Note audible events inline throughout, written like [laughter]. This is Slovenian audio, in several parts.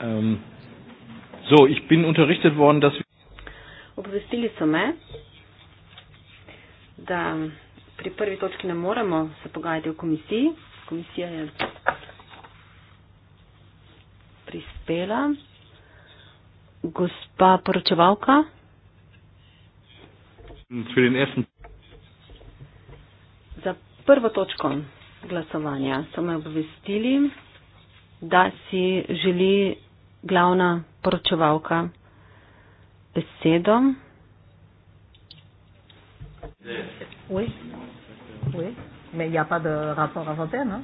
Um, so, ich bin unterrichtet worden, dass Obvestili so me, da pri prvi točki ne moremo se pogajati o komisiji. Komisija je prispela. Gospa poročevalka. Za prvo točko glasovanja so me obvestili, da si želi glavna poročevalka besedo. Oui. Oui. Mais il n'y a pas de rapport à voter, non?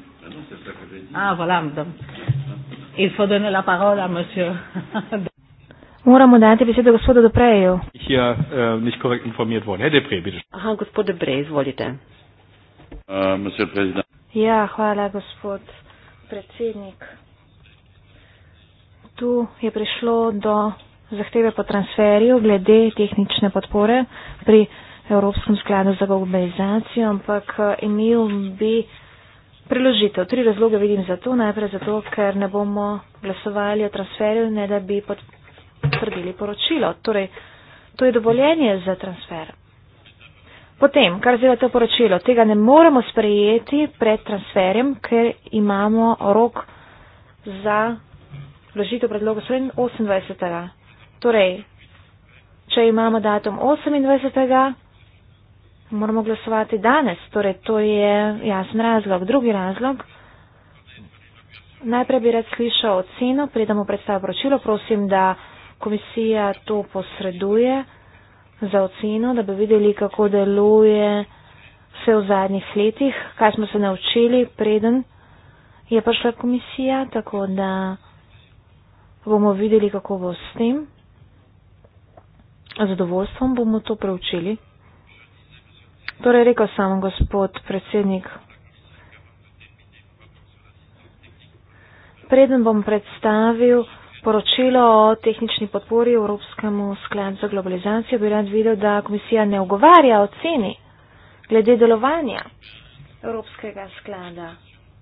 Ah, ah voilà. Il faut donner la parole à monsieur. [laughs] Moramo dati besedo gospodu Dopreju. Eh, Aha, gospod Dobrej, izvolite. Uh, ja, hvala, gospod predsednik tu je prišlo do zahteve po transferju glede tehnične podpore pri Evropskem skladu za globalizacijo, ampak eh, imel bi priložitev. Tri razloge vidim za to. Najprej zato, ker ne bomo glasovali o transferju, ne da bi potrdili poročilo. Torej, to je dovoljenje za transfer. Potem, kar zdaj je to poročilo, tega ne moremo sprejeti pred transferjem, ker imamo rok za vložitev predloga 28. Torej, če imamo datum 28. moramo glasovati danes, torej to je jasen razlog. Drugi razlog. Najprej bi rad slišal oceno, predamo predstavo poročilo, prosim, da komisija to posreduje za oceno, da bi videli, kako deluje vse v zadnjih letih, kaj smo se naučili, preden je prišla komisija, tako da bomo videli, kako bo s tem. Z zadovoljstvom bomo to preučili. Torej, rekel sem, gospod predsednik, preden bom predstavil poročilo o tehnični podpori Evropskemu skladu za globalizacijo, bi rad videl, da komisija ne ogovarja o ceni glede delovanja Evropskega sklada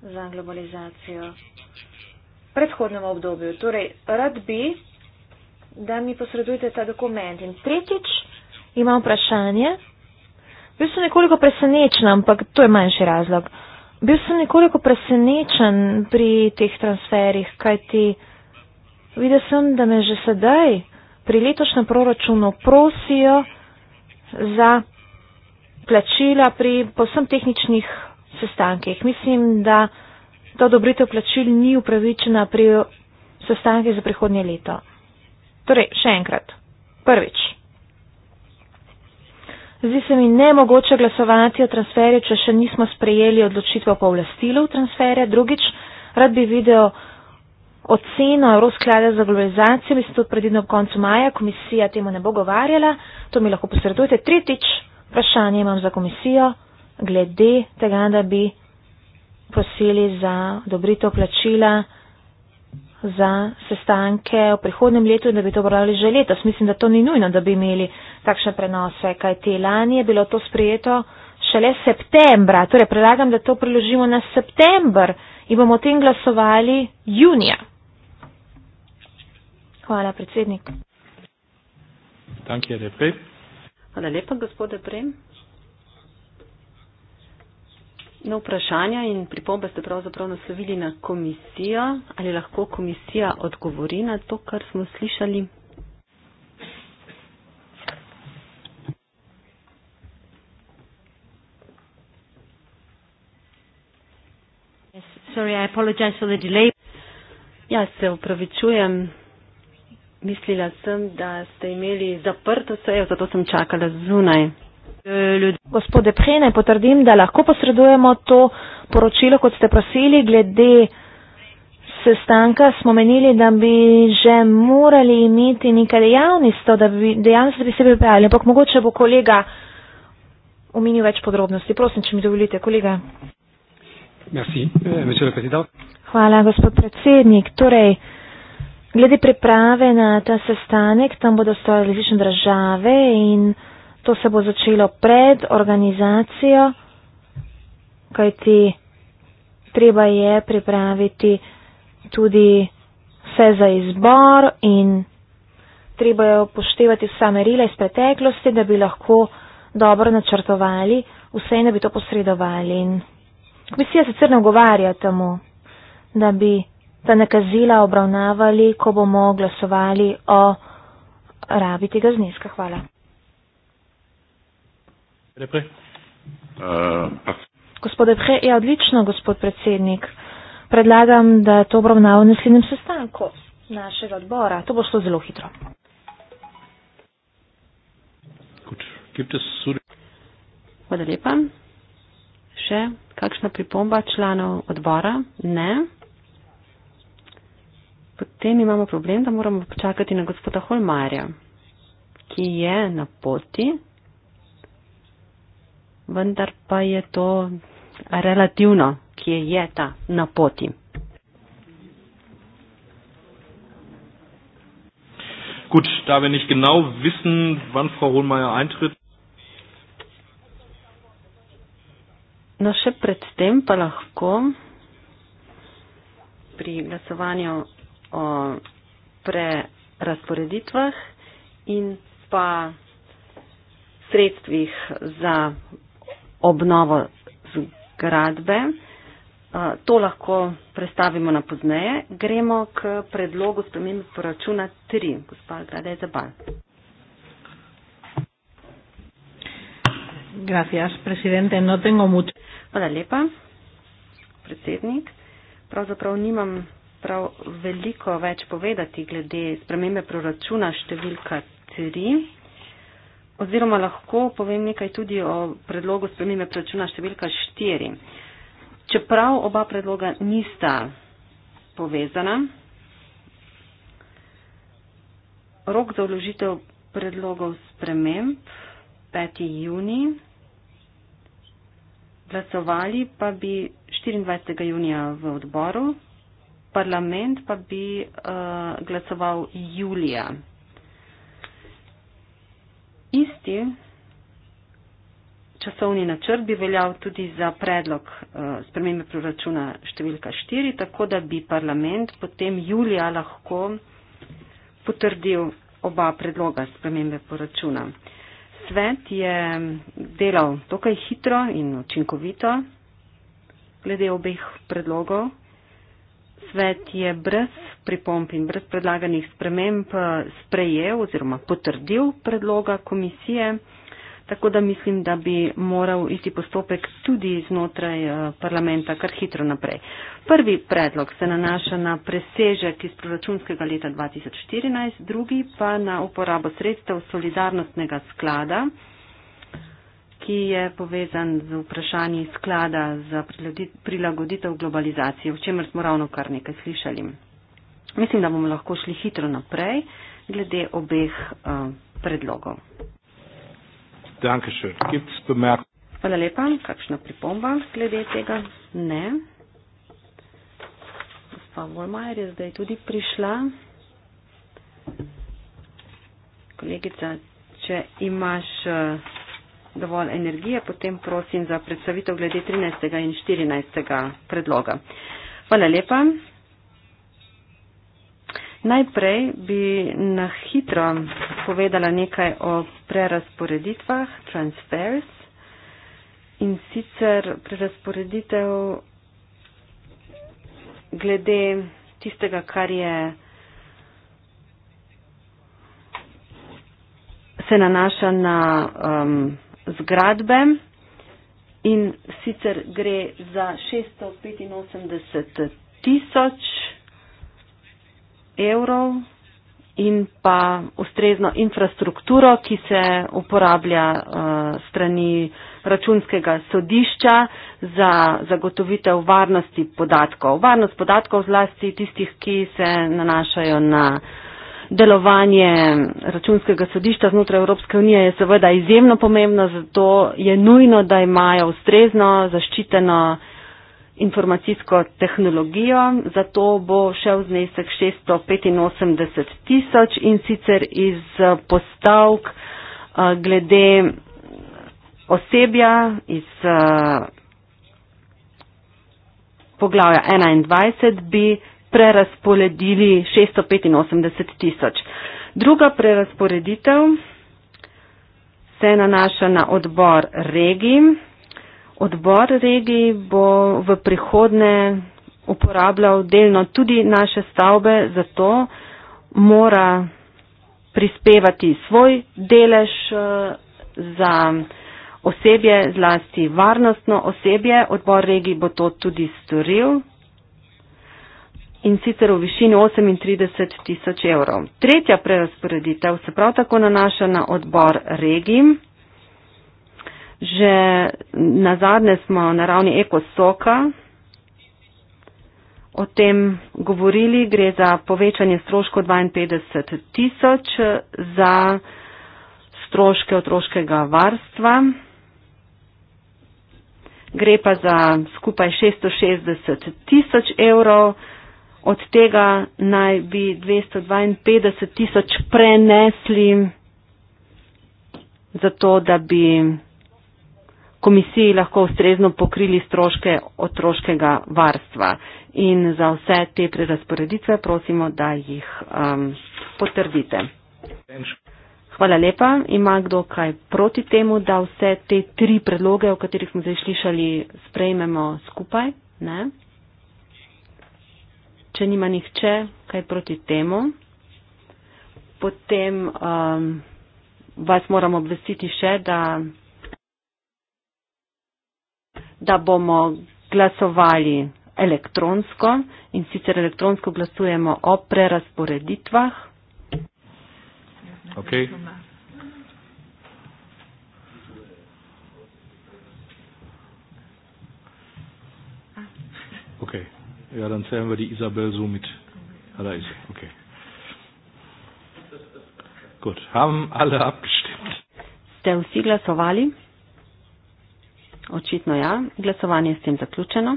za globalizacijo predhodnem obdobju. Torej, rad bi, da mi posredujete ta dokument. In tretjič imam vprašanje. Bil sem nekoliko presenečen, ampak to je manjši razlog. Bil sem nekoliko presenečen pri teh transferih, kajti videl sem, da me že sedaj pri letošnjem proračunu prosijo za plačila pri posem tehničnih sestankih. Mislim, da ta odobritev plačil ni upravičena pri sestanke za prihodnje leto. Torej, še enkrat. Prvič. Zdi se mi nemogoče glasovati o transferju, če še nismo sprejeli odločitve o povlastilu transferja. Drugič, rad bi videl oceno Evrosklada za globalizacijo, mislim, tudi predvidno ob koncu maja, komisija temu ne bo govarjala, to mi lahko posredujete. Tretjič, vprašanje imam za komisijo glede tega, da bi prosili za dobrito plačila za sestanke v prihodnem letu in da bi to obravnali že letos. Mislim, da to ni nujno, da bi imeli takšne prenose, kaj te lani je bilo to sprijeto šele septembra. Torej, predlagam, da to preložimo na september in bomo o tem glasovali junija. Hvala, predsednik. Hvala lepa, gospode Prem. No, vprašanja in pripombe ste pravzaprav naslovili na komisijo. Ali lahko komisija odgovori na to, kar smo slišali? Sorry, I apologize for the delay. Ja, se upravičujem. Mislila sem, da ste imeli zaprto sejo, zato sem čakala zunaj. Eh, ljudi. Gospode Prej, naj potrdim, da lahko posredujemo to poročilo, kot ste prosili, glede sestanka smo menili, da bi že morali imeti nekaj dejavnosti, da bi dejansko bi se pripravili. Ampak mogoče bo kolega omenil več podrobnosti. Prosim, če mi dovolite, kolega. Eh, Hvala, gospod predsednik. Torej, glede priprave na ta sestanek, tam bodo stojali različne države in To se bo začelo pred organizacijo, kajti treba je pripraviti tudi vse za izbor in treba je upoštevati vsa merila iz preteklosti, da bi lahko dobro načrtovali vse in da bi to posredovali. In komisija sicer ne ogovarja temu, da bi ta nakazila obravnavali, ko bomo glasovali o rabi tega zneska. Hvala. Uh, gospode Pre, je ja, odlično, gospod predsednik. Predlagam, da to obravnavamo na naslednjem sestanku našega odbora. To bo šlo zelo hitro. Hvala lepa. Še kakšna pripomba članov odbora? Ne. Potem imamo problem, da moramo počakati na gospoda Holmarja, ki je na poti vendar pa je to relativno, kje je ta na poti. Gut, da wir nicht genau wissen, wann Frau Hohlmeier eintritt. No, še predtem pa lahko pri glasovanju o prerasporeditvah in pa sredstvih za obnovo zgradbe. Eh, to lahko predstavimo na pozneje. Gremo k predlogu spremen proračuna 3. Gospa Grada je zabal. Gracias, presidente. No tengo mucho. Hvala lepa, predsednik. Pravzaprav nimam prav veliko več povedati glede spremembe proračuna številka 3. Oziroma lahko povem nekaj tudi o predlogu spremembe proračuna številka 4. Čeprav oba predloga nista povezana, rok za vložitev predlogov sprememb 5. juni, glasovali pa bi 24. junija v odboru, parlament pa bi uh, glasoval julija isti časovni načrt bi veljal tudi za predlog eh, spremembe proračuna številka 4, tako da bi parlament potem julija lahko potrdil oba predloga spremembe proračuna. Svet je delal dokaj hitro in učinkovito glede obeh predlogov svet je brez pripomp in brez predlaganih sprememb eh, sprejel oziroma potrdil predloga komisije, tako da mislim, da bi moral isti postopek tudi znotraj eh, parlamenta kar hitro naprej. Prvi predlog se nanaša na presežek iz proračunskega leta 2014, drugi pa na uporabo sredstev solidarnostnega sklada ki je povezan z vprašanji sklada za prilagoditev globalizacije, o čemer smo ravno kar nekaj slišali. Mislim, da bomo lahko šli hitro naprej glede obeh uh, predlogov. Hvala lepa. Kakšna pripomba glede tega? Ne. Gospa Volmajer je zdaj tudi prišla. Kolegica, če imaš. Uh, dovolj energije, potem prosim za predstavitev glede 13. in 14. predloga. Hvala lepa. Najprej bi na hitro povedala nekaj o prerasporeditvah, transfers in sicer prerasporeditev glede tistega, kar je se nanaša na um, zgradbe in sicer gre za 685 tisoč evrov in pa ustrezno infrastrukturo, ki se uporablja uh, strani računskega sodišča za zagotovitev varnosti podatkov. Varnost podatkov zlasti tistih, ki se nanašajo na uh, delovanje računskega sodišča znotraj Evropske unije je seveda izjemno pomembno, zato je nujno, da imajo ustrezno zaščiteno informacijsko tehnologijo. Zato bo šel znesek 685 tisoč in sicer iz eh, postavk eh, glede osebja iz eh, poglavja 21 bi prerasporedili 685 tisoč. Druga prerasporeditev se nanaša na odbor regij. Odbor regij bo v prihodne uporabljal delno tudi naše stavbe, zato mora prispevati svoj delež eh, za osebje, zlasti varnostno osebje. Odbor regij bo to tudi storil in sicer v višini 38 tisoč evrov. Tretja prerasporeditev se prav tako nanaša na odbor regij. Že na zadnje smo na ravni ekosoka o tem govorili. Gre za povečanje stroškov 52 tisoč za stroške otroškega varstva. Gre pa za skupaj 660 tisoč evrov od tega naj bi 252 tisoč prenesli zato, da bi komisiji lahko ustrezno pokrili stroške otroškega varstva. In za vse te prerasporeditve prosimo, da jih um, potrdite. Hvala lepa. Ima kdo kaj proti temu, da vse te tri predloge, o katerih smo zdaj slišali, sprejmemo skupaj? Ne mogoče nima nihče kaj proti temu. Potem um, vas moram obvestiti še, da, da bomo glasovali elektronsko in sicer elektronsko glasujemo o prerasporeditvah. Okay. Okay. Ja, dann zählen wir die Isabel so mit. Ja, da ist sie. Okay. Gut, haben alle abgestimmt. Ste vsi glasovali? Očitno ja, glasovanje je s tem zaključeno.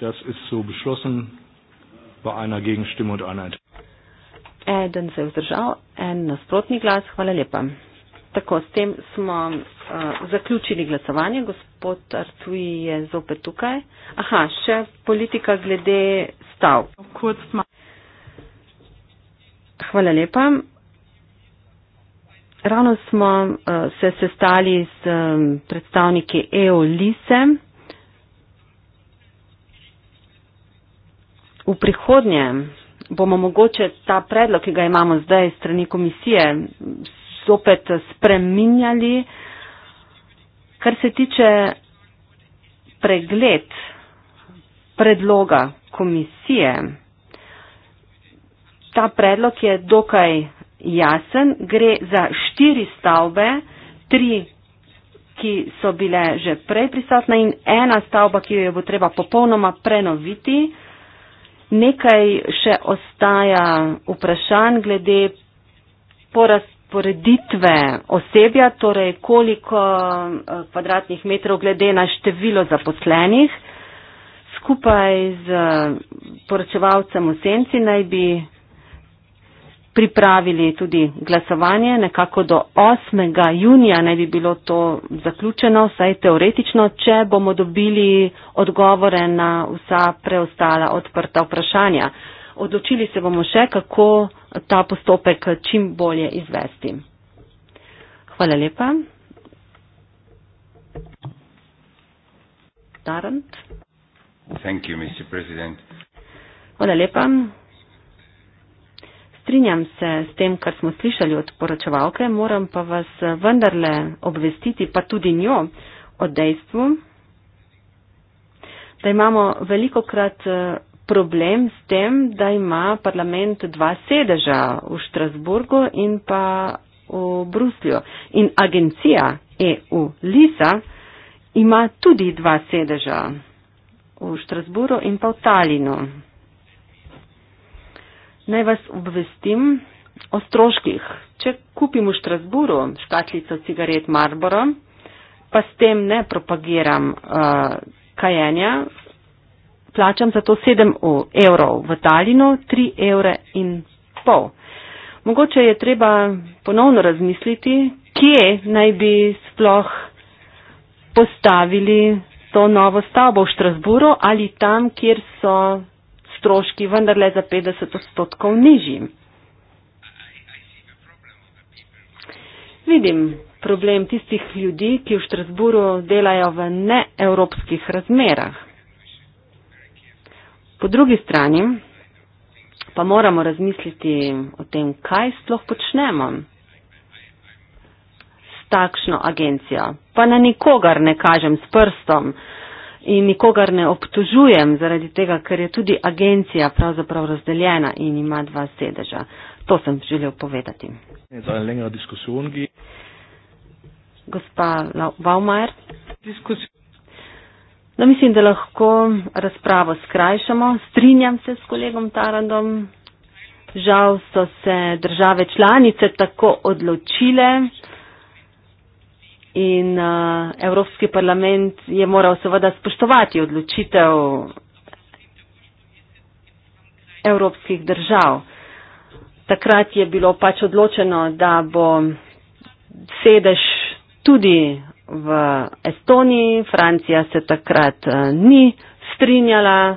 Das ist so beschlossen bei einer Gegenstimme und einer Enthaltung. Eden se je vzdržal, en nasprotni glas, hvala lepa. Tako, s tem smo Eh, zaključili glasovanje. Gospod Arcuji je zopet tukaj. Aha, še politika glede stav. Hvala lepa. Ravno smo uh, se sestali s um, predstavniki EOLISE. E v prihodnje bomo mogoče ta predlog, ki ga imamo zdaj strani komisije, zopet spreminjali uh, Kar se tiče pregled predloga komisije, ta predlog je dokaj jasen. Gre za štiri stavbe, tri, ki so bile že prej prisotne in ena stavba, ki jo je bo treba popolnoma prenoviti. Nekaj še ostaja vprašanj glede porast poreditve osebja, torej koliko eh, kvadratnih metrov glede na število zaposlenih. Skupaj z eh, poročevalcem v senci naj bi pripravili tudi glasovanje, nekako do 8. junija naj bi bilo to zaključeno, saj teoretično, če bomo dobili odgovore na vsa preostala odprta vprašanja odločili se bomo še, kako ta postopek čim bolje izvesti. Hvala lepa. Tarant. Thank you, Mr. President. Hvala lepa. Strinjam se s tem, kar smo slišali od poročevalke, moram pa vas vendarle obvestiti, pa tudi njo, o dejstvu, da imamo veliko krat problem s tem, da ima parlament dva sedeža v Štrasburgu in pa v Bruslju. In agencija EU LISA ima tudi dva sedeža v Štrasburgu in pa v Talinu. Naj vas obvestim o stroških. Če kupim v Štrasburgu škatlico cigaret Marlboro, pa s tem ne propagiram uh, kajenja, plačam za to 7 evrov, v Talinu 3 evre in pol. Mogoče je treba ponovno razmisliti, kje naj bi sploh postavili to novo stavbo v Štrasburu ali tam, kjer so stroški vendarle za 50 odstotkov nižji. Vidim problem tistih ljudi, ki v Štrasburu delajo v neevropskih razmerah. Po drugi strani pa moramo razmisliti o tem, kaj sploh počnemo s takšno agencijo. Pa na nikogar ne kažem s prstom in nikogar ne obtožujem zaradi tega, ker je tudi agencija pravzaprav razdeljena in ima dva sedeža. To sem želel povedati. Gospa Baumajer. Diskusijo. No, mislim, da lahko razpravo skrajšamo. Strinjam se s kolegom Tarandom. Žal so se države članice tako odločile in uh, Evropski parlament je moral seveda spoštovati odločitev evropskih držav. Takrat je bilo pač odločeno, da bo sedež tudi v Estoniji, Francija se takrat eh, ni strinjala,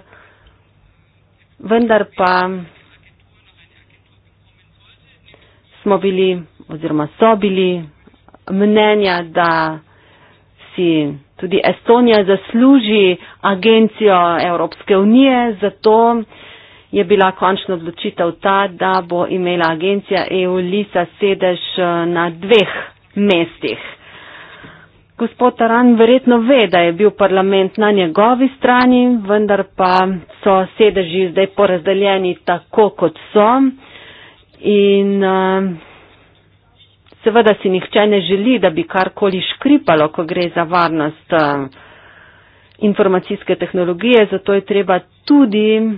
vendar pa smo bili oziroma so bili mnenja, da si tudi Estonija zasluži agencijo Evropske unije, zato je bila končna odločitev ta, da bo imela agencija EU-LISA sedež eh, na dveh mestih gospod Taran verjetno ve, da je bil parlament na njegovi strani, vendar pa so sedeži zdaj porazdeljeni tako, kot so. In uh, seveda si nihče ne želi, da bi karkoli škripalo, ko gre za varnost uh, informacijske tehnologije, zato je treba tudi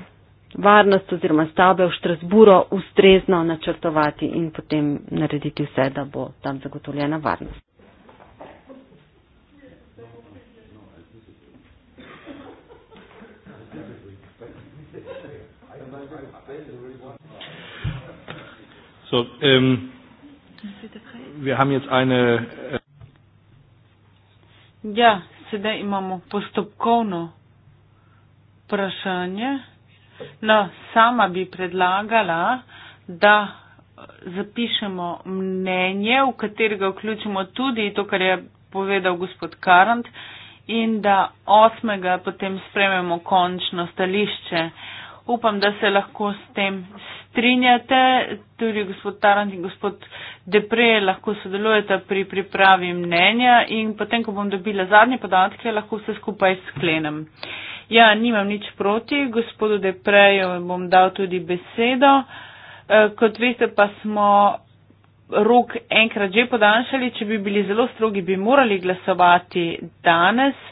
varnost oziroma stavbe v Štrasburu ustrezno načrtovati in potem narediti vse, da bo tam zagotovljena varnost. So, ähm, wir haben jetzt eine. Äh ja, sedaj imamo postopkovno vprašanje. No, sama bi predlagala, da zapišemo mnenje, v katerega vključimo tudi to, kar je povedal gospod Karant, in da osmega potem sprememo končno stališče. Upam, da se lahko s tem strinjate. Tudi gospod Tarant in gospod Depre lahko sodelujete pri pripravi mnenja in potem, ko bom dobila zadnje podatke, lahko vse skupaj sklenem. Ja, nimam nič proti, gospodu Depreju bom dal tudi besedo. E, kot veste, pa smo rok enkrat že podaljšali, če bi bili zelo strogi, bi morali glasovati danes. E,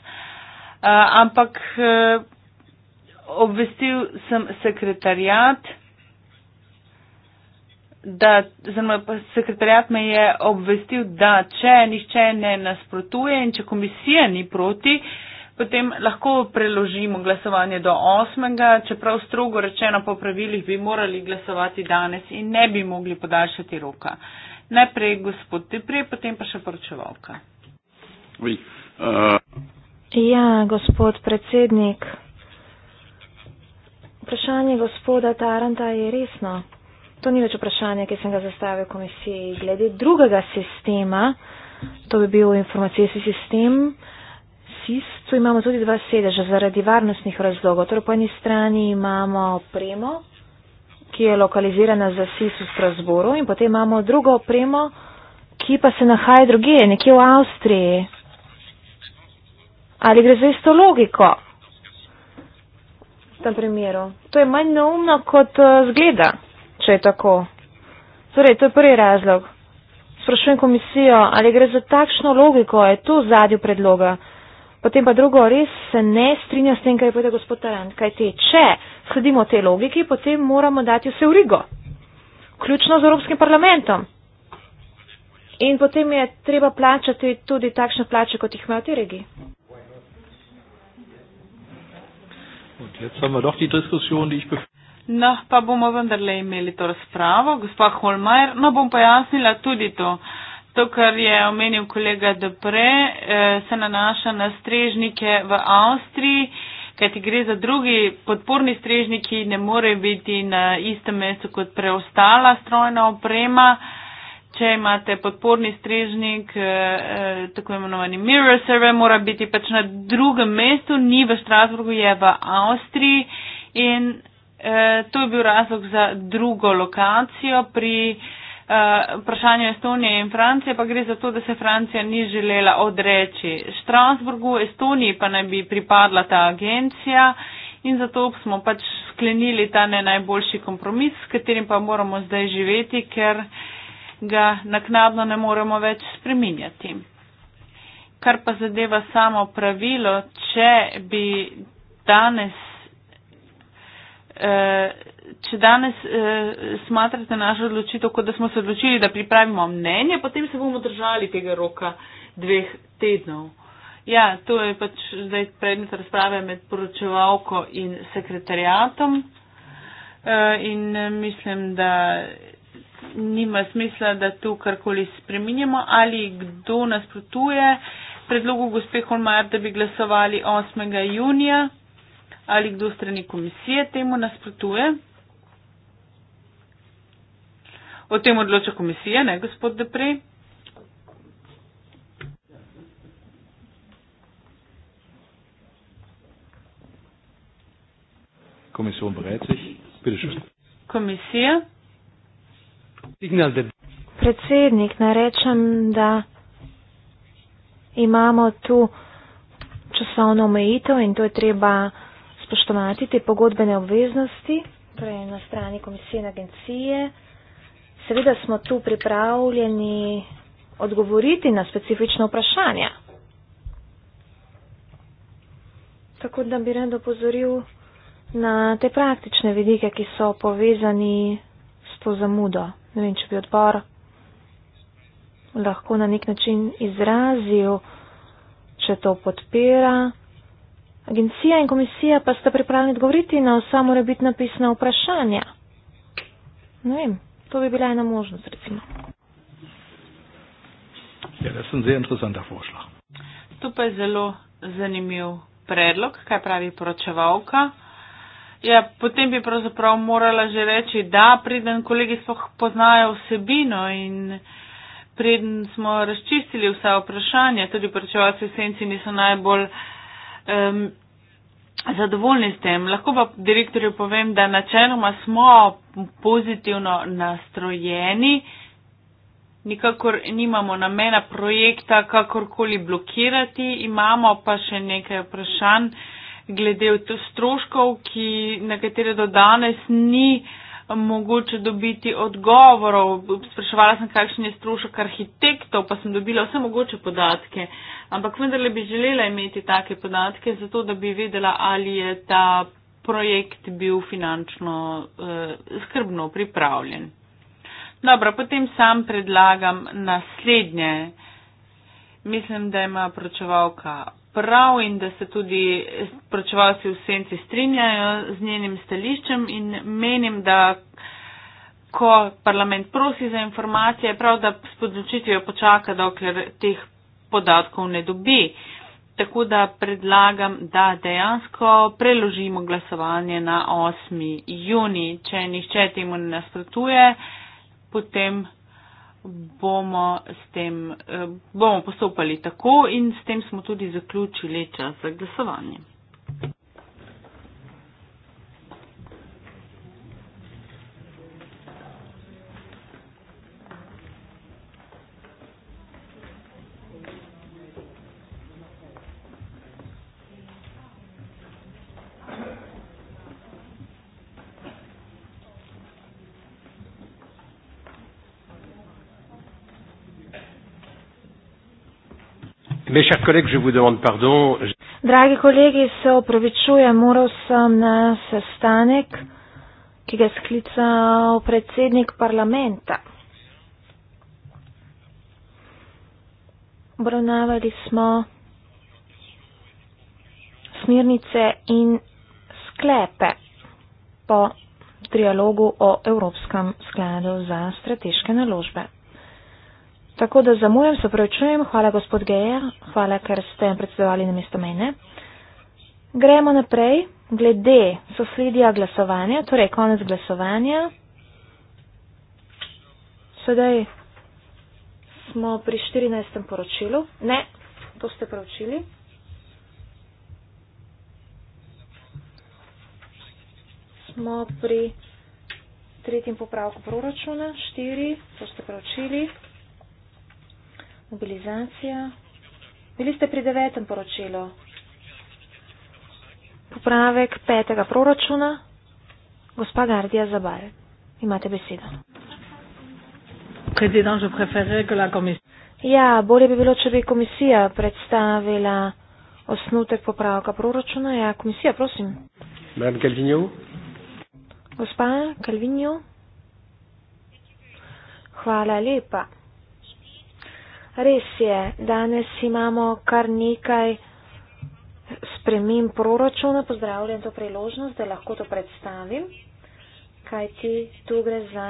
ampak e, obvestil sem sekretarjat, da, znam, sekretarjat me je obvestil, da če nišče ne nasprotuje in če komisija ni proti, potem lahko preložimo glasovanje do 8. Čeprav strogo rečeno po pravilih bi morali glasovati danes in ne bi mogli podaljšati roka. Najprej gospod Tipri, potem pa še poročevalka. Oui, uh... Ja, gospod predsednik. Vprašanje gospoda Taranta je resno. To ni več vprašanje, ki sem ga zastavil komisiji. Glede drugega sistema, to bi bil informacijski sistem, SIS, tu imamo tudi dva sedeža zaradi varnostnih razlogov. Torej, po eni strani imamo opremo, ki je lokalizirana za SIS v Strasboru in potem imamo drugo opremo, ki pa se nahaja druge, nekje v Avstriji. Ali gre za isto logiko? tem primeru. To je manj neumno, kot eh, zgleda, če je tako. Torej, to je prvi razlog. Sprašujem komisijo, ali gre za takšno logiko, je to zadnji predloga. Potem pa drugo, res se ne strinja s tem, kaj je povedal gospod Tajan. Kaj te, če sledimo te logiki, potem moramo dati vse v rigo. Ključno z Evropskim parlamentom. In potem je treba plačati tudi takšne plače, kot jih imajo te regije. Und jetzt haben wir doch die Diskussion, die ich No, pa bomo vendarle imeli to razpravo, gospa Holmajer. No, bom pojasnila tudi to. To, kar je omenil kolega Dopre, eh, se nanaša na strežnike v Avstriji, kajti gre za drugi podporni strežniki, ne more biti na istem mestu kot preostala strojna oprema če imate podporni strežnik, eh, eh, tako imenovani Mirror Server, mora biti pač na drugem mestu, ni v Strasburgu, je v Avstriji. In eh, to je bil razlog za drugo lokacijo pri vprašanju Estonije in Francije, pa gre za to, da se Francija ni želela odreči. Strasburgu, Estoniji pa naj bi pripadla ta agencija. In zato smo pač sklenili ta ne najboljši kompromis, s katerim pa moramo zdaj živeti, ker uh, ga naknadno ne moremo več spreminjati. Kar pa zadeva samo pravilo, če bi danes, eh, če danes eh, smatrate našo odločitev, kot da smo se odločili, da pripravimo mnenje, potem se bomo držali tega roka dveh tednov. Ja, to je pač zdaj predmet razprave med poročevalko in sekretarijatom. Eh, in eh, mislim, da nima smisla, da tu karkoli spreminjamo ali kdo nasprotuje predlogu gospe Holmar, da bi glasovali 8. junija ali kdo strani komisije temu nasprotuje. O tem odloča komisija, ne gospod Depre. Komisija. Predsednik, naj rečem, da imamo tu časovno omejitev in to je treba spoštovati te pogodbene obveznosti, torej na strani komisije in agencije. Seveda smo tu pripravljeni odgovoriti na specifično vprašanja. Tako da bi rad opozoril na te praktične vidike, ki so povezani to zamudo. Ne vem, če bi odbor lahko na nek način izrazil, če to podpira. Agencija in komisija pa sta pripravljeni odgovoriti na vsa morebitna pisna vprašanja. Ne vem, to bi bila ena možnost, recimo. Ja, to pa je zelo zanimiv predlog, kaj pravi poročevalka. Ja, potem bi pravzaprav morala že reči, da preden kolegi sploh poznajo vsebino in preden smo razčistili vsa vprašanja, tudi pričevalci v senci niso najbolj um, zadovoljni s tem. Lahko pa direktorju povem, da načeloma smo pozitivno nastrojeni, nikakor nimamo namena projekta kakorkoli blokirati, imamo pa še nekaj vprašanj glede stroškov, ki, na katere do danes ni eh, mogoče dobiti odgovorov. Spraševala sem, kakšen je strošek arhitektov, pa sem dobila vse mogoče podatke. Ampak vendarle bi želela imeti take podatke, zato da bi vedela, ali je ta projekt bil finančno eh, skrbno pripravljen. Dobro, potem sam predlagam naslednje. Mislim, da ima pročevalka prav in da se tudi pročevalci v senci strinjajo z njenim stališčem in menim, da ko parlament prosi za informacije, je prav, da s podločitvijo počaka, dokler teh podatkov ne dobi. Tako da predlagam, da dejansko preložimo glasovanje na 8. juni. Če nihče temu ne nasprotuje, potem bomo, tem, eh, bomo postopali tako in s tem smo tudi zaključili čas za glasovanje. Dragi kolegi, se opravičujem, moral sem na sestanek, ki ga je sklical predsednik parlamenta. Obravnavali smo smirnice in sklepe po trialogu o Evropskem skladu za strateške naložbe. Tako da zamujem, se pravičujem, hvala gospod Gejer, Hvala, ker ste predsedovali na mesto mene. Gremo naprej. Glede sosledja glasovanja, torej konec glasovanja. Sedaj smo pri 14. poročilu. Ne, to ste poročili. Smo pri tretjem popravku proračuna, 4, to ste poročili. Mobilizacija, Bili ste pri devetem poročilu. Popravek petega proračuna. Gospa Gardija Zabar, imate besedo. Ja, bolje bi bilo, če bi komisija predstavila osnutek popravka proračuna. Ja, komisija, prosim. Madame Calvinio. Gospa Calvinio. Hvala lepa. Res je, danes imamo kar nekaj spremim proračuna, pozdravljam to priložnost, da lahko to predstavim, kajti tu gre za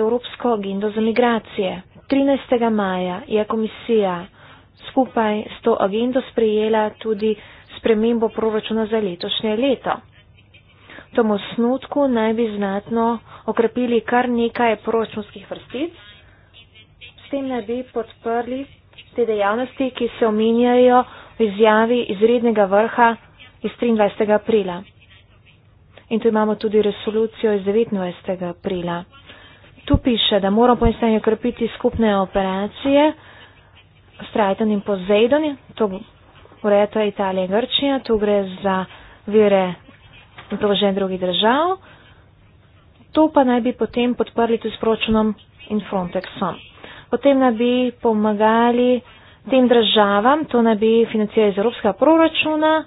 Evropsko agendo za migracije. 13. maja je komisija skupaj s to agendo sprejela tudi spremembo proračuna za letošnje leto. V tom osnutku naj bi znatno okrepili kar nekaj proračunskih vrstic s tem ne bi podprli te dejavnosti, ki se omenjajo v izjavi izrednega vrha iz 23. aprila. In tu imamo tudi resolucijo iz 19. aprila. Tu piše, da moramo po eni strani okrepiti skupne operacije s Trajton in Pozejdon, to urejata torej Italija in Grčija, tu gre za vire in položaj drugih držav. To pa naj bi potem podprli tudi s proračunom in Frontexom potem naj bi pomagali tem državam, to naj bi financirali iz evropskega proračuna,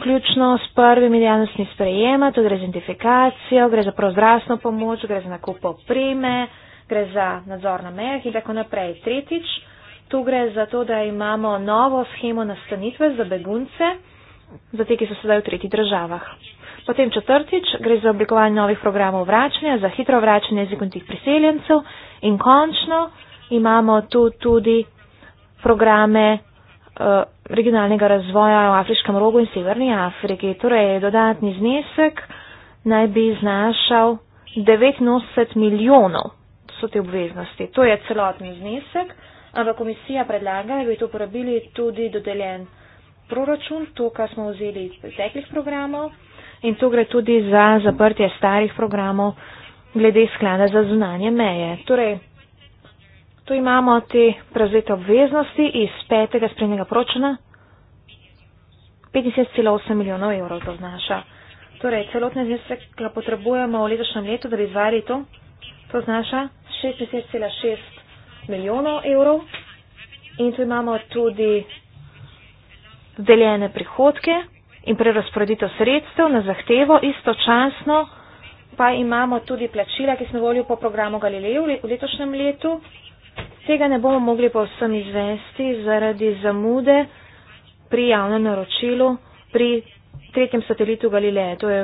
vključno s prvimi dejavnostmi sprejema, to gre za identifikacijo, gre za prozdravstveno pomoč, gre za nakup opreme, gre za nadzor na mejah in tako naprej. Tretjič, tu gre za to, da imamo novo schemo nastanitve za begunce, za te, ki so sedaj v tretjih državah. Potem četrtič gre za oblikovanje novih programov vračanja, za hitro vračanje jezikovnih priseljencev in končno imamo tu tudi programe eh, regionalnega razvoja v Afriškem rogu in Severni Afriki. Torej, dodatni znesek naj bi znašal 89 milijonov so te obveznosti. To je celotni znesek, ampak komisija predlaga, da bi to uporabili tudi dodeljen proračun, to, kar smo vzeli iz preteklih programov in to gre tudi za zaprtje starih programov glede sklada za zunanje meje. Torej, tu imamo te prevzete obveznosti iz petega sprednjega proračuna. 15,8 milijonov evrov to znaša. Torej, celotne zneske, ki ga potrebujemo v letošnjem letu, da bi izvali to, to znaša 16,6 milijonov evrov. In tu imamo tudi deljene prihodke in prerasporeditev sredstev na zahtevo. Istočasno pa imamo tudi plačila, ki smo volili po programu Galileju v letošnjem letu. Vsega ne bomo mogli povsem izvesti zaradi zamude pri javnem naročilu pri tretjem satelitu Galileje, to je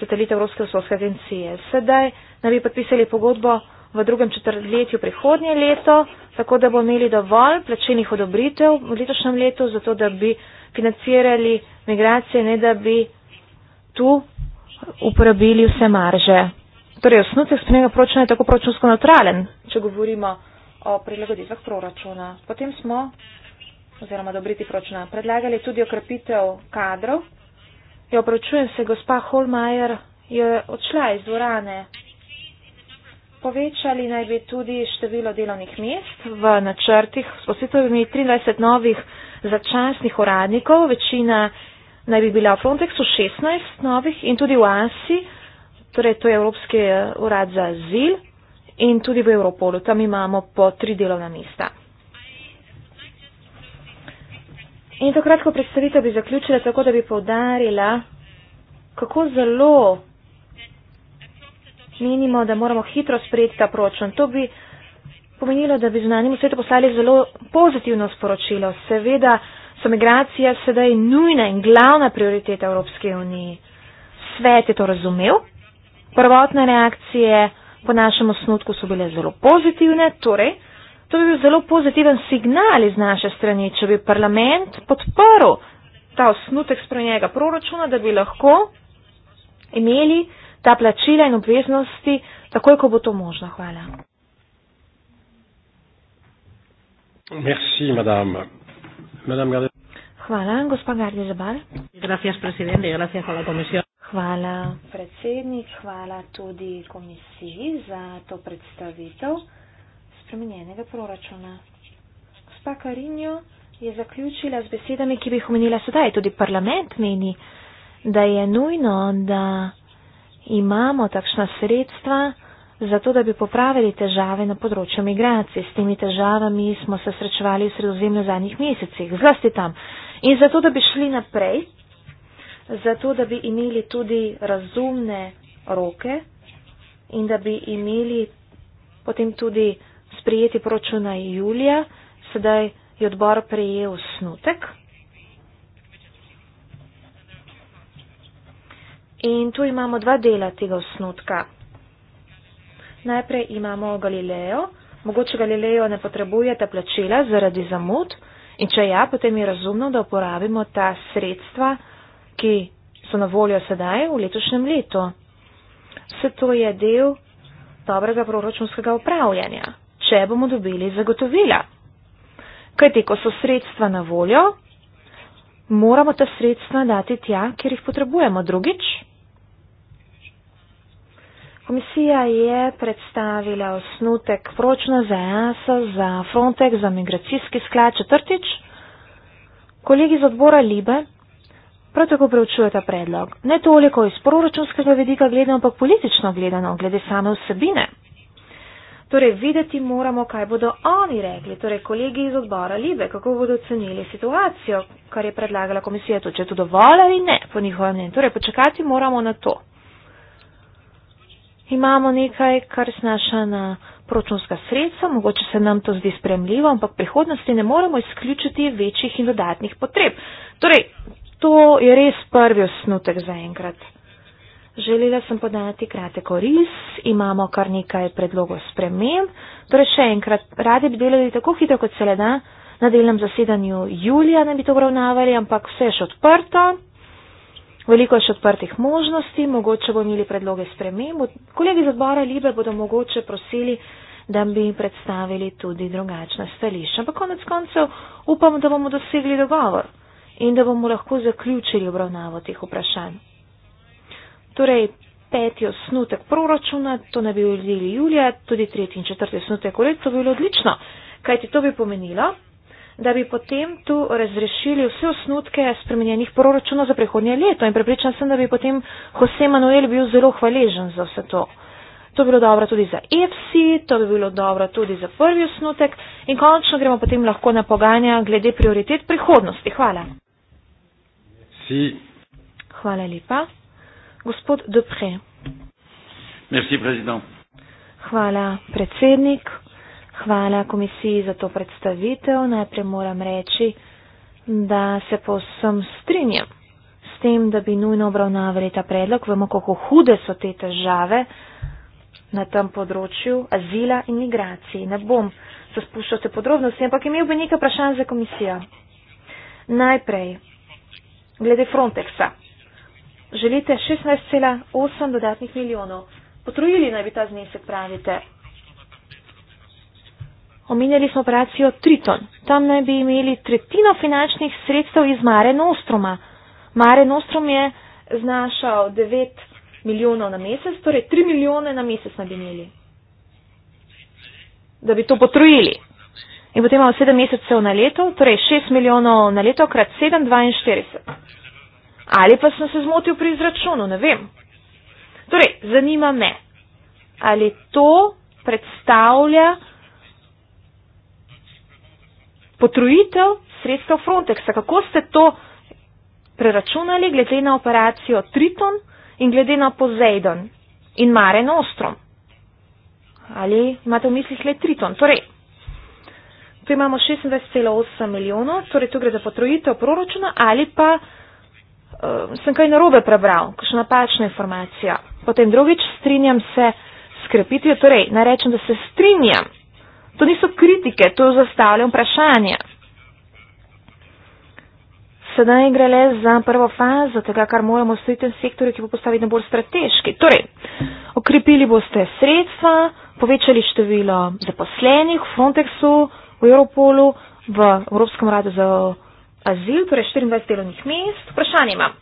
satelit Evropske vesoljske agencije. Sedaj naj bi podpisali pogodbo v drugem četrtletju prihodnje leto, tako da bomo imeli dovolj plačenih odobritev v letošnjem letu, zato da bi financirali migracije, ne da bi tu uporabili vse marže. Torej, osnutek spremenega proračuna je tako proračunsko neutralen, če govorimo o prilagoditvah proračuna. Potem smo, oziroma dobriti proračuna, predlagali tudi okrepitev kadrov. Ja, opravičujem se, gospa Holmajer je odšla iz dvorane. Povečali naj bi tudi število delovnih mest v načrtih, s posvetovimi 23 novih začasnih uradnikov, večina naj bi bila v Frontexu, 16 novih in tudi v ASI, torej to je Evropski eh, urad za azil in tudi v Europolu. Tam imamo po tri delovna mesta. In to kratko predstavitev bi zaključila tako, da bi povdarila, kako zelo menimo, da moramo hitro sprejeti ta proračun. To bi pomenilo, da bi znanjemu svetu poslali zelo pozitivno sporočilo. Seveda so migracije sedaj nujna in glavna prioriteta Evropske unije. Svet je to razumel. Prvotne reakcije po našem osnutku so bile zelo pozitivne. Torej, to bi bil zelo pozitiven signal iz naše strani, če bi parlament podprl ta osnutek sprejnega proračuna, da bi lahko imeli ta plačila in obveznosti, takoj, ko bo to možno. Hvala. Merci, madame. Madame Hvala, gospod Gardi Zabar. Hvala. Predsednik, hvala tudi komisiji za to predstavitev spremenjenega proračuna. Gospa Karinjo je zaključila z besedami, ki bi jih omenila sedaj. Tudi parlament meni, da je nujno, da imamo takšna sredstva zato, da bi popravili težave na področju migracij. S temi težavami smo se srečevali v sredozemlju zadnjih mesecih, zlasti tam. In zato, da bi šli naprej, zato da bi imeli tudi razumne roke in da bi imeli potem tudi sprijeti proračuna julija, sedaj je odbor prejel snutek. In tu imamo dva dela tega osnutka. Najprej imamo Galilejo, mogoče Galilejo ne potrebujete plačila zaradi zamud in če ja, potem je razumno, da uporabimo ta sredstva ki so na voljo sedaj v letošnjem letu. Vse to je del dobrega proračunskega upravljanja, če bomo dobili zagotovila. Kajti, ko so sredstva na voljo, moramo ta sredstva dati tja, kjer jih potrebujemo drugič. Komisija je predstavila osnutek pročno za ASA, za Frontex, za migracijski sklad četrtič. Kolegi iz odbora Libe prav tako preučuje ta predlog. Ne toliko iz proračunskega vidika gledano, ampak politično gledano, glede same vsebine. Torej, videti moramo, kaj bodo oni rekli, torej kolegi iz odbora Libe, kako bodo ocenili situacijo, kar je predlagala komisija, to če je to dovolj ali ne, po njihovem mnenju. Torej, počakati moramo na to. Imamo nekaj, kar snaša na proračunska sredstva, mogoče se nam to zdi spremljivo, ampak prihodnosti ne moremo izključiti večjih in dodatnih potreb. Torej, to je res prvi osnutek za enkrat. Želela sem podati kratek oris, imamo kar nekaj predlogov spremem. Torej še enkrat, radi bi delali tako hitro, kot se le da. Na delnem zasedanju julija ne bi to obravnavali, ampak vse je še odprto. Veliko je še odprtih možnosti, mogoče bomo imeli predloge spremem. Kolegi iz odbora Libe bodo mogoče prosili, da bi jim predstavili tudi drugačna stališča. Ampak konec koncev upam, da bomo dosegli dogovor in da bomo lahko zaključili obravnavo teh vprašanj. Torej, peti osnutek proračuna, to ne bi uredili julija, tudi tretji in četrti osnutek ured, to bi bilo odlično, kajti to bi pomenilo, da bi potem tu razrešili vse osnutke spremenjenih proračuna za prihodnje leto in prepričan sem, da bi potem Jose Manuel bil zelo hvaležen za vse to. To bi bilo dobro tudi za EFSI, to bi bilo dobro tudi za prvi osnutek in končno gremo potem lahko na pogajanja glede prioritet prihodnosti. Hvala. Merci. Hvala lepa. Gospod Dupre. Merci, président. Hvala, predsednik. Hvala komisiji za to predstavitev. Najprej moram reči, da se povsem strinjam s tem, da bi nujno obravnavali ta predlog. Vemo, kako hude so te težave na tem področju azila in migracije. Ne bom se spuščal v podrobnosti, ampak imel bi nekaj vprašanj za komisijo. Najprej, glede Frontexa. Želite 16,8 dodatnih milijonov. Potrojili naj bi ta znesek, pravite. Omenjali smo operacijo Triton. Tam naj bi imeli tretjino finančnih sredstev iz Mare Nostroma. Mare Nostrom je znašal 9 milijonov na mesec, torej 3 milijone na mesec naj bi imeli. Da bi to potrojili in potem imamo 7 mesecev na leto, torej 6 milijonov na leto krat 7,42. Ali pa sem se zmotil pri izračunu, ne vem. Torej, zanima me, ali to predstavlja potrojitev sredstev Frontexa. Kako ste to preračunali glede na operacijo Triton in glede na Poseidon in Mare Nostrom? Ali imate v mislih le Triton? Torej, tu imamo 26,8 milijonov, torej tu gre za potrojitev proračuna ali pa uh, sem kaj narobe prebral, kakšna napačna informacija. Potem drugič, strinjam se s krepitvijo, torej naj rečem, da se strinjam. To niso kritike, to je zastavljam vprašanje. Sedaj gre le za prvo fazo tega, kar moramo ustaviti v sektorju, ki bo postavljen bolj strateški. Torej, okrepili boste sredstva, povečali število zaposlenih v Frontexu, v Europolu, v Evropskem radu za azil, torej 24 delovnih mest. Vprašanje imam.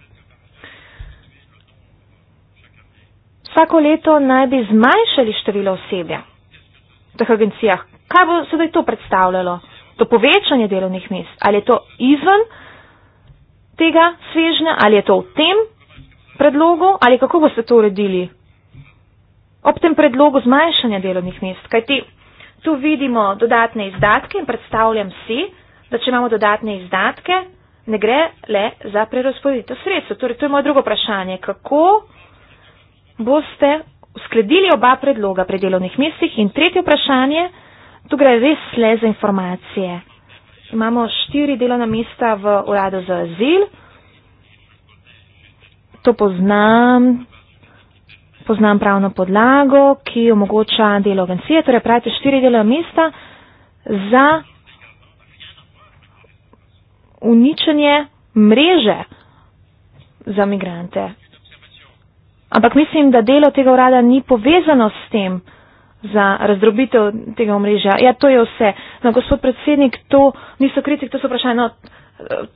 Vsako leto naj bi zmanjšali število osebja v teh agencijah. Kaj bo sedaj to predstavljalo? To povečanje delovnih mest? Ali je to izven tega svežnja? Ali je to v tem predlogu? Ali kako boste to uredili? Ob tem predlogu zmanjšanja delovnih mest? Kaj ti Tu vidimo dodatne izdatke in predstavljam si, da če imamo dodatne izdatke, ne gre le za prerazporeditev sredstva. Torej, to je moje drugo vprašanje. Kako boste uskladili oba predloga pri delovnih mestih? In tretje vprašanje, tu gre res le za informacije. Imamo štiri delovna mesta v uradu za azil. To poznam, poznam pravno podlago, ki omogoča delo agencije, torej pravite štiri delovna mesta za uničenje mreže za migrante. Ampak mislim, da delo tega urada ni povezano s tem za razdrobitev tega omrežja. Ja, to je vse. No, gospod predsednik, to niso kritik, to so vprašanja. No,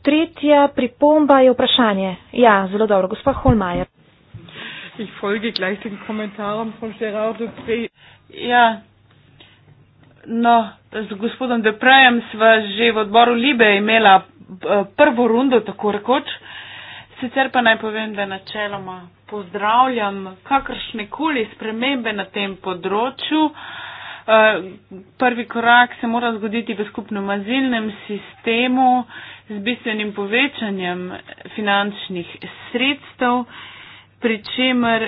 tretja pripomba je vprašanje. Ja, zelo dobro. Gospod Holmajer ich folge gleich den Kommentaren von Gerard Dupré. Ja, no, z gospodom Duprejem sva že v odboru Libe imela eh, prvo rundo, tako rekoč. Sicer pa naj povem, da načeloma pozdravljam kakršne koli spremembe na tem področju. Eh, prvi korak se mora zgoditi v skupnem azilnem sistemu z bistvenim povečanjem finančnih sredstev pri čemer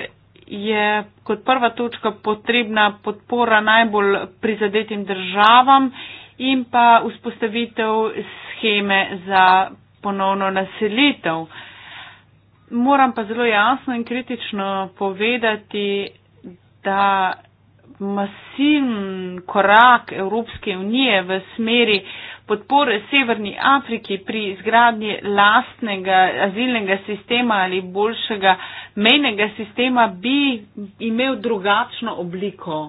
je kot prva točka potrebna podpora najbolj prizadetim državam in pa vzpostavitev scheme za ponovno naselitev. Moram pa zelo jasno in kritično povedati, da masivn korak Evropske unije v smeri podpore Severni Afriki pri izgradnji lastnega azilnega sistema ali boljšega mejnega sistema bi imel drugačno obliko.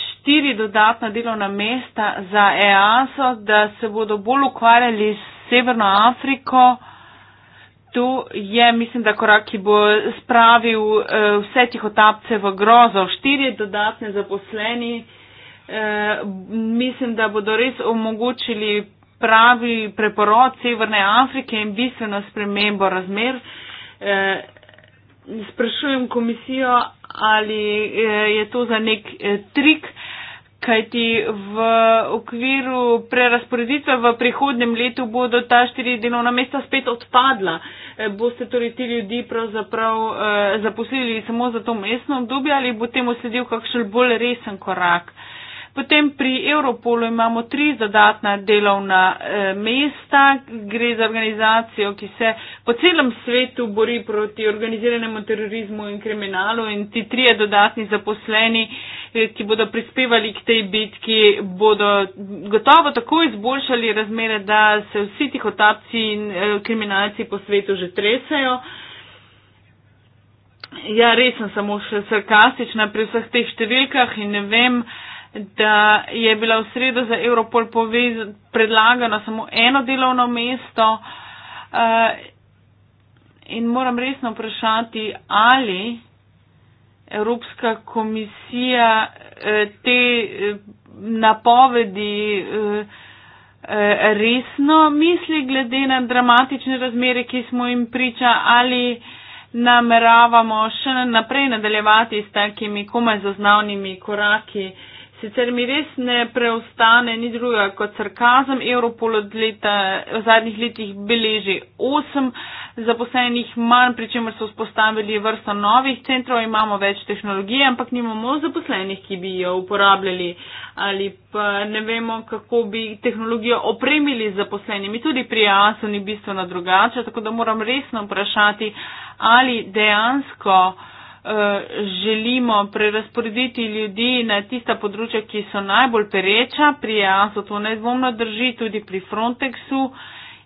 Štiri dodatna delovna mesta za EASO, da se bodo bolj ukvarjali s Severno Afriko. Tu je, mislim, da korak, ki bo spravil uh, vse tih otapce v grozo. Štiri dodatne zaposleni uh, Eh, mislim, da bodo res omogočili pravi preporod Severne Afrike in bistveno spremembo razmer. E, sprašujem komisijo, ali eh, je to za nek trik, kajti v okviru prerasporeditve v prihodnem letu bodo ta štiri delovna mesta spet odpadla. E, boste torej ti ljudi pravzaprav e, zaposlili samo za to mestno obdobje ali bo temu sledil kakšen bolj resen korak? E, Potem pri Europolu imamo tri zadatna delovna e, mesta, gre za organizacijo, ki se po celem svetu bori proti organiziranemu terorizmu in kriminalu in ti trije dodatni zaposleni, e, ki bodo prispevali k tej bitki, bodo gotovo tako izboljšali razmere, da se vsi tih otapci in e, kriminalci po svetu že tresajo. Ja, res sem samo še sarkastična pri vseh teh številkah in ne vem, da je bila v sredo za Europol predlagana samo eno delovno mesto eh, in moram resno vprašati, ali Evropska komisija eh, te eh, napovedi resno misli glede na dramatične razmere, ki smo jim priča, ali nameravamo še naprej nadaljevati s takimi komaj zaznavnimi koraki. Sicer mi res ne preostane ni druga kot sarkazem. Europol od leta v zadnjih letih beleži osem zaposlenih manj, pri čemer so vzpostavili vrsto novih centrov, imamo več tehnologije, ampak nimamo zaposlenih, ki bi jo uporabljali ali pa ne vemo, kako bi tehnologijo opremili z zaposlenimi. Tudi pri ASO ni bistveno drugače, tako da moram resno vprašati, ali dejansko želimo prerasporediti ljudi na tista področja, ki so najbolj pereča, pri EASO to nedvomno drži, tudi pri Frontexu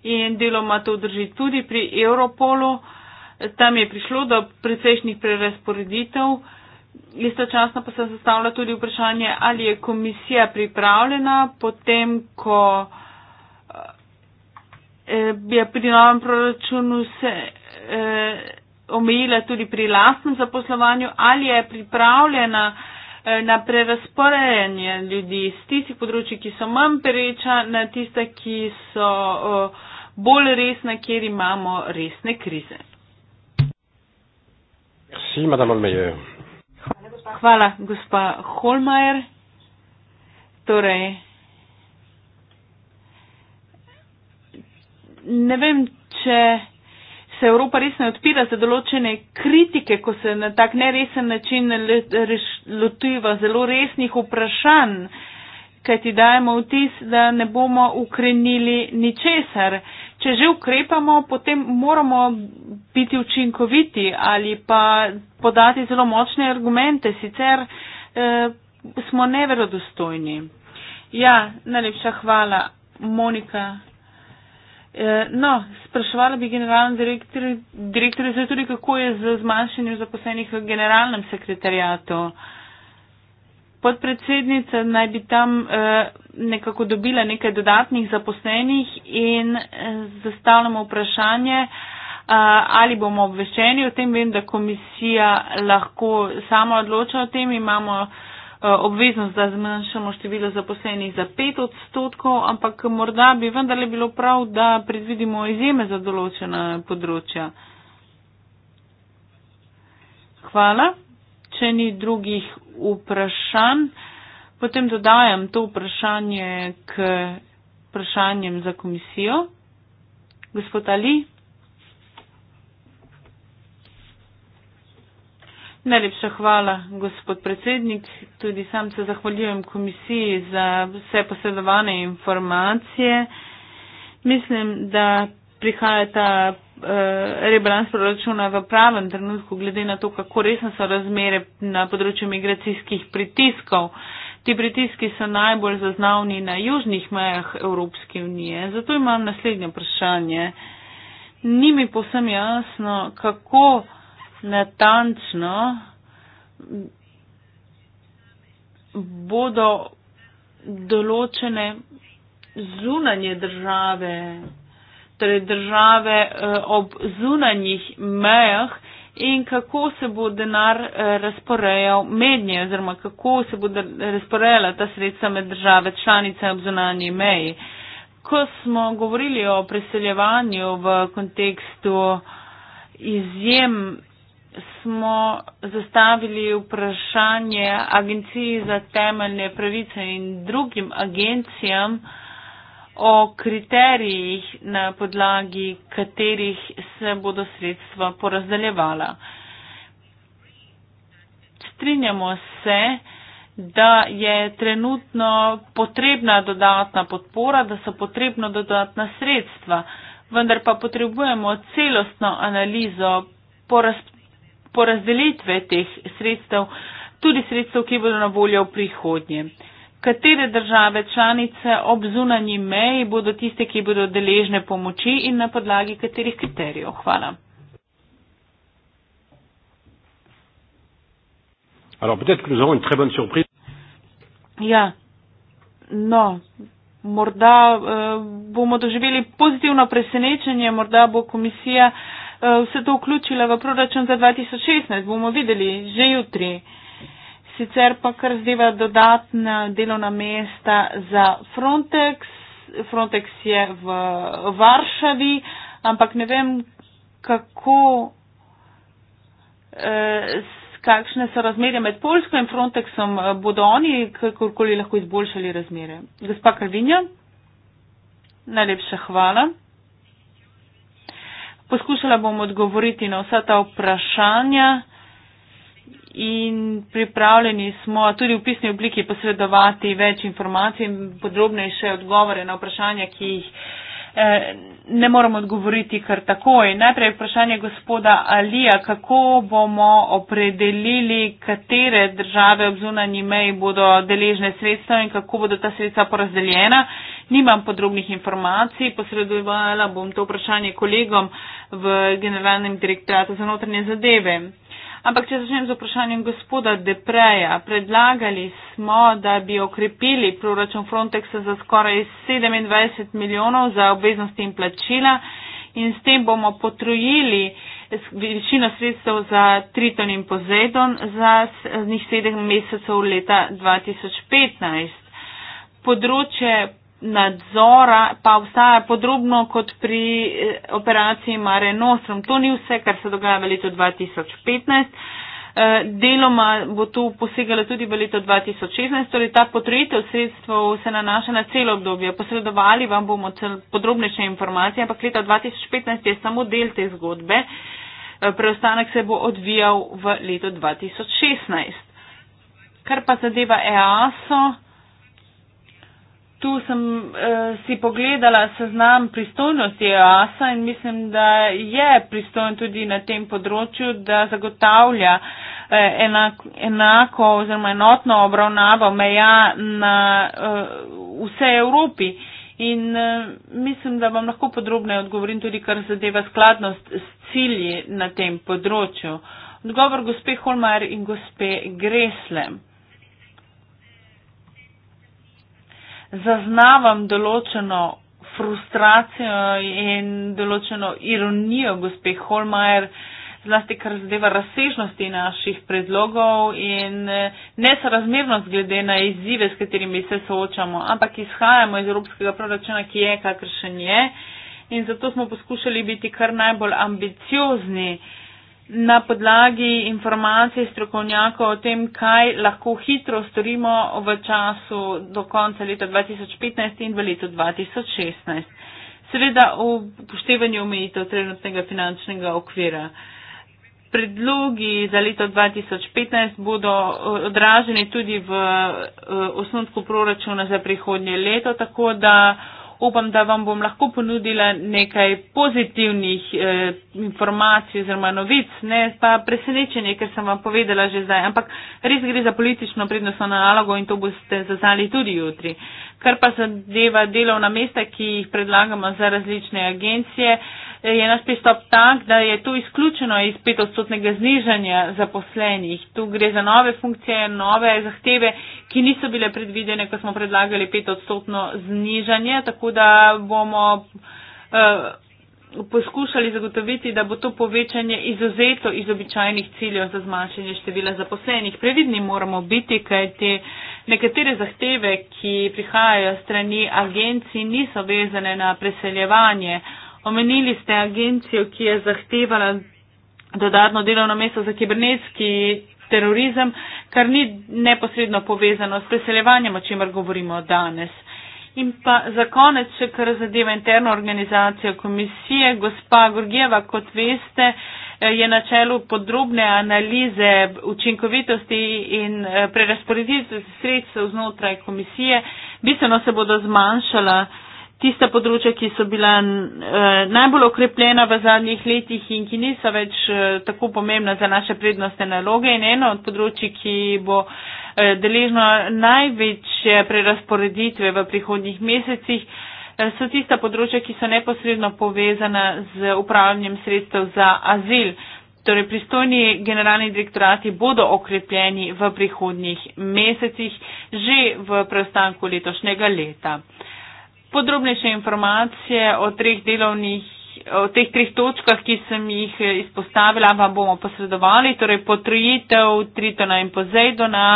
in deloma to drži tudi pri Europolu. Tam je prišlo do precejšnjih prerasporeditev. Istočasno pa se zastavlja tudi vprašanje, ali je komisija pripravljena potem, ko eh, je pri novem proračunu se. Eh, omejila tudi pri lastnem zaposlovanju ali je pripravljena eh, na prerasporejanje ljudi z tistih področji, ki so manj pereča, na tiste, ki so eh, bolj resna, kjer imamo resne krize. Hvala, gospa Holmajer. Torej, ne vem, če se Evropa res ne odpira za določene kritike, ko se na tak neresen način lotiva zelo resnih vprašanj, kaj ti dajemo vtis, da ne bomo ukrenili ničesar. Če že ukrepamo, potem moramo biti učinkoviti ali pa podati zelo močne argumente, sicer eh, smo neverodostojni. Ja, najlepša hvala, Monika. Eh, no, sprašvala bi generalno direktorja, direktor, tudi kako je z zmanjšanjem zaposlenih v generalnem sekretarijatu. Podpredsednica naj bi tam eh, nekako dobila nekaj dodatnih zaposlenih in eh, zastavljamo vprašanje, eh, ali bomo obveščeni o tem. Vem, da komisija lahko sama odloča o tem. Imamo eh, Eh, obveznost, da zmanjšamo število zaposlenih za 5 odstotkov, ampak morda bi vendarle bilo prav, da predvidimo izjeme za določena področja. Hvala. Če ni drugih vprašanj, potem dodajam to vprašanje k vprašanjem za komisijo. Gospod Ali. Najlepša hvala, gospod predsednik. Tudi sam se zahvaljujem komisiji za vse posredovane informacije. Mislim, da prihaja ta eh, rebalans proračuna v pravem trenutku, glede na to, kako resne so razmere na področju migracijskih pritiskov. Ti pritiski so najbolj zaznavni na južnih mejah Evropske unije. Zato imam naslednje vprašanje. Ni mi posem jasno, kako natančno bodo določene zunanje države, torej države eh, ob zunanjih mejah in kako se bo denar eh, razporejal mednje oziroma kako se bodo razporejala ta sredstva med države članice ob zunanji meji. Ko smo govorili o preseljevanju v kontekstu izjem smo zastavili vprašanje Agenciji za temeljne pravice in drugim agencijam o kriterijih, na podlagi katerih se bodo sredstva porazdeljevala. Strinjamo se, da je trenutno potrebna dodatna podpora, da so potrebna dodatna sredstva, vendar pa potrebujemo celostno analizo po razpolaganju porazdelitve teh sredstev, tudi sredstev, ki bodo na voljo v prihodnje. Katere države članice ob zunanji meji bodo tiste, ki bodo deležne pomoči in na podlagi katerih kriterijev? Hvala. Ja, no, morda uh, bomo doživeli pozitivno presenečenje, morda bo komisija uh, Eh, vse to vključila v proračun za 2016, bomo videli že jutri. Sicer pa kar zdeva dodatna delovna mesta za Frontex. Frontex je v Varšavi, ampak ne vem, kako, eh, kakšne so razmerje med Polsko in Frontexom, eh, bodo oni kakorkoli lahko izboljšali razmere. Gospa Kalvinja, najlepša hvala. Poskušala bom odgovoriti na vsa ta vprašanja in pripravljeni smo tudi v pisni obliki posredovati več informacij in podrobnejše odgovore na vprašanja, ki jih eh, ne moramo odgovoriti kar takoj. Najprej vprašanje gospoda Alija, kako bomo opredelili, katere države ob zunanji meji bodo deležne sredstva in kako bodo ta sredstva porazdeljena. Nimam podrobnih informacij, posredovala bom to vprašanje kolegom v generalnem direktoratu za notranje zadeve. Ampak če začnem z vprašanjem gospoda Depreja, predlagali smo, da bi okrepili proračun Frontexa za skoraj 27 milijonov za obveznosti in plačila in s tem bomo potrojili večino sredstev za Triton in Pozejdon za z njih 7 mesecev leta 2015. Področje nadzora pa obstaja podrobno kot pri eh, operaciji Mare Nostrum. To ni vse, kar se dogaja v letu 2015. Eh, deloma bo to posegalo tudi v leto 2016, torej ta potretev sredstv se nanaša na celo obdobje. Posredovali vam bomo podrobnejše informacije, ampak leta 2015 je samo del te zgodbe. Eh, preostanek se bo odvijal v leto 2016. Kar pa zadeva EASO, tu sem uh, si pogledala seznam pristojnosti EASA in mislim, da je pristojen tudi na tem področju, da zagotavlja uh, eh, enako, enako oziroma enotno obravnavo meja na uh, vse Evropi. In uh, mislim, da vam lahko podrobneje odgovorim tudi, kar zadeva skladnost s cilji na tem področju. Odgovor gospe Holmar in gospe Greslem. zaznavam določeno frustracijo in določeno ironijo gospe Holmajer, zlasti kar zadeva razsežnosti naših predlogov in eh, nesrazmernost glede na izzive, s katerimi se soočamo, ampak izhajamo iz evropskega proračuna, ki je kakršen je in zato smo poskušali biti kar najbolj ambiciozni na podlagi informacij strokovnjakov o tem, kaj lahko hitro storimo v času do konca leta 2015 in v letu 2016. Seveda v upoštevanju omejitev trenutnega finančnega okvira. Predlogi za leto 2015 bodo eh, odraženi tudi v eh, osnutku proračuna za prihodnje leto, tako da upam, da vam bom lahko ponudila nekaj pozitivnih eh, informacij oziroma novic, ne pa presenečenje, ker sem vam povedala že zdaj, ampak res gre za politično prednostno nalogo in to boste zaznali tudi jutri. Kar pa zadeva delovna mesta, ki jih predlagamo za različne agencije, eh, je naš pristop tak, da je to izključeno iz petodstotnega znižanja zaposlenih. Tu gre za nove funkcije, nove zahteve, ki niso bile predvidene, ko smo predlagali petodstotno znižanje, tako da bomo eh, poskušali zagotoviti, da bo to povečanje izuzeto iz običajnih ciljev za zmanjšanje števila zaposlenih. Previdni moramo biti, kaj te nekatere zahteve, ki prihajajo strani agencij, niso vezane na preseljevanje. Uh, Omenili ste agencijo, ki je zahtevala dodatno delovno mesto za kibernetski terorizem, kar ni neposredno povezano s preseljevanjem, o čemer govorimo danes. In pa za konec, če kar zadeva interno organizacijo komisije, gospa Gorgijeva, kot veste, je na čelu podrobne analize učinkovitosti in eh, prerasporeditve sredstev znotraj komisije. Bistveno se bodo zmanjšala tista področja, ki so bila eh, najbolj okrepljena v zadnjih letih in ki niso več eh, tako pomembna za naše prednostne naloge in eno od področji, ki bo eh, deležno največje prerasporeditve v prihodnjih mesecih, eh, so tista področja, ki so neposredno povezana z upravljanjem sredstev za azil. Torej, pristojni generalni direktorati bodo okrepljeni v prihodnjih mesecih, že v preostanku letošnjega leta podrobnejše informacije o treh delovnih, o teh treh točkah, ki sem jih izpostavila, vam bomo posredovali, torej potrojitev Tritona in Pozejdona,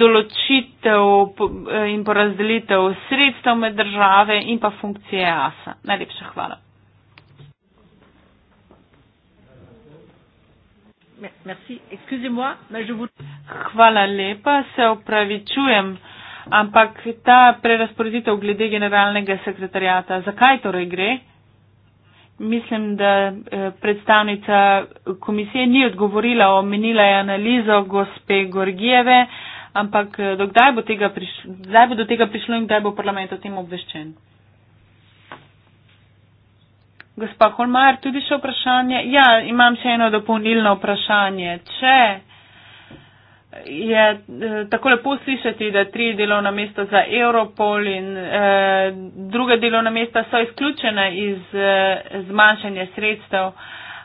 določitev in porazdelitev sredstev med države in pa funkcije ASA. Najlepša hvala. Merci, excusez-moi, mais je vous... Hvala lepa, se opravičujem ampak ta prerasporeditev glede generalnega sekretarjata, zakaj torej gre? Mislim, da eh, predstavnica komisije ni odgovorila, omenila je analizo gospe Gorgijeve, ampak eh, do kdaj bo, tega prišlo, kdaj bo do tega prišlo in kdaj bo parlament o tem obveščen? Gospa Holmar, tudi še vprašanje? Ja, imam še eno dopolnilno vprašanje. Če je eh, tako lepo slišati, da tri delovna mesta za Europol in eh, druga delovna mesta so izključena iz eh, zmanjšanja sredstev.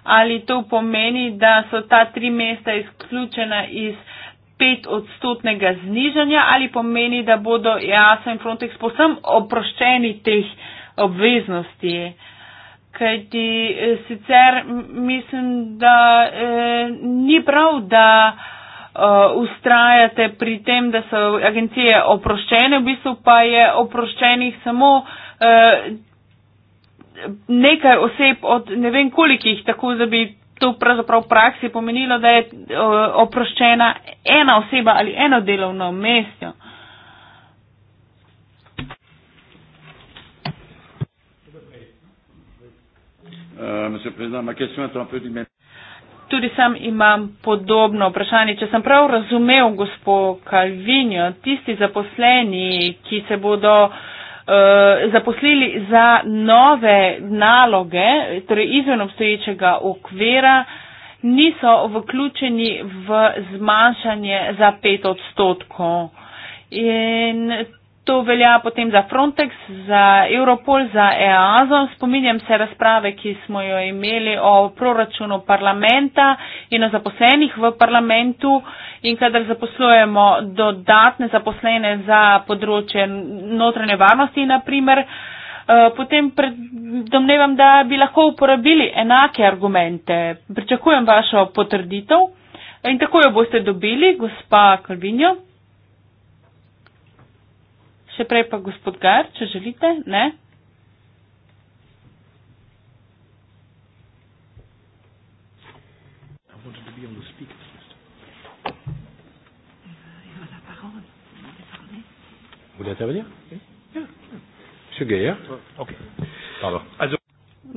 Ali to pomeni, da so ta tri mesta izključena iz pet odstotnega znižanja ali pomeni, da bodo EASA in Frontex posem oproščeni teh obveznosti? Kajti eh, sicer mislim, da eh, ni prav, da eh, Uh, ustrajate pri tem, da so agencije oproščene, v bistvu pa je oproščenih samo uh, nekaj oseb od ne vem kolikih, tako da bi to pravzaprav v praksi pomenilo, da je uh, oproščena ena oseba ali eno delovno mesto. Uh, Monsieur le Président, ma question est un peu du même. Tudi sam imam podobno vprašanje. Če sem prav razumev, gospod Kalvinjo, tisti zaposleni, ki se bodo uh, zaposlili za nove naloge, torej izven obstoječega okvira, niso vključeni v zmanjšanje za pet odstotkov. In To velja potem za Frontex, za Europol, za EASO. Spominjam se razprave, ki smo jo imeli o proračunu parlamenta in o zaposlenih v parlamentu. In kadar zaposlujemo dodatne zaposlene za področje notranje varnosti, naprimer, eh, potem domnevam, da bi lahko uporabili enake argumente. Pričakujem vašo potrditev in tako jo boste dobili, gospa Kalvinjo. Še prej pa gospod Gar, če želite, ne? Euh,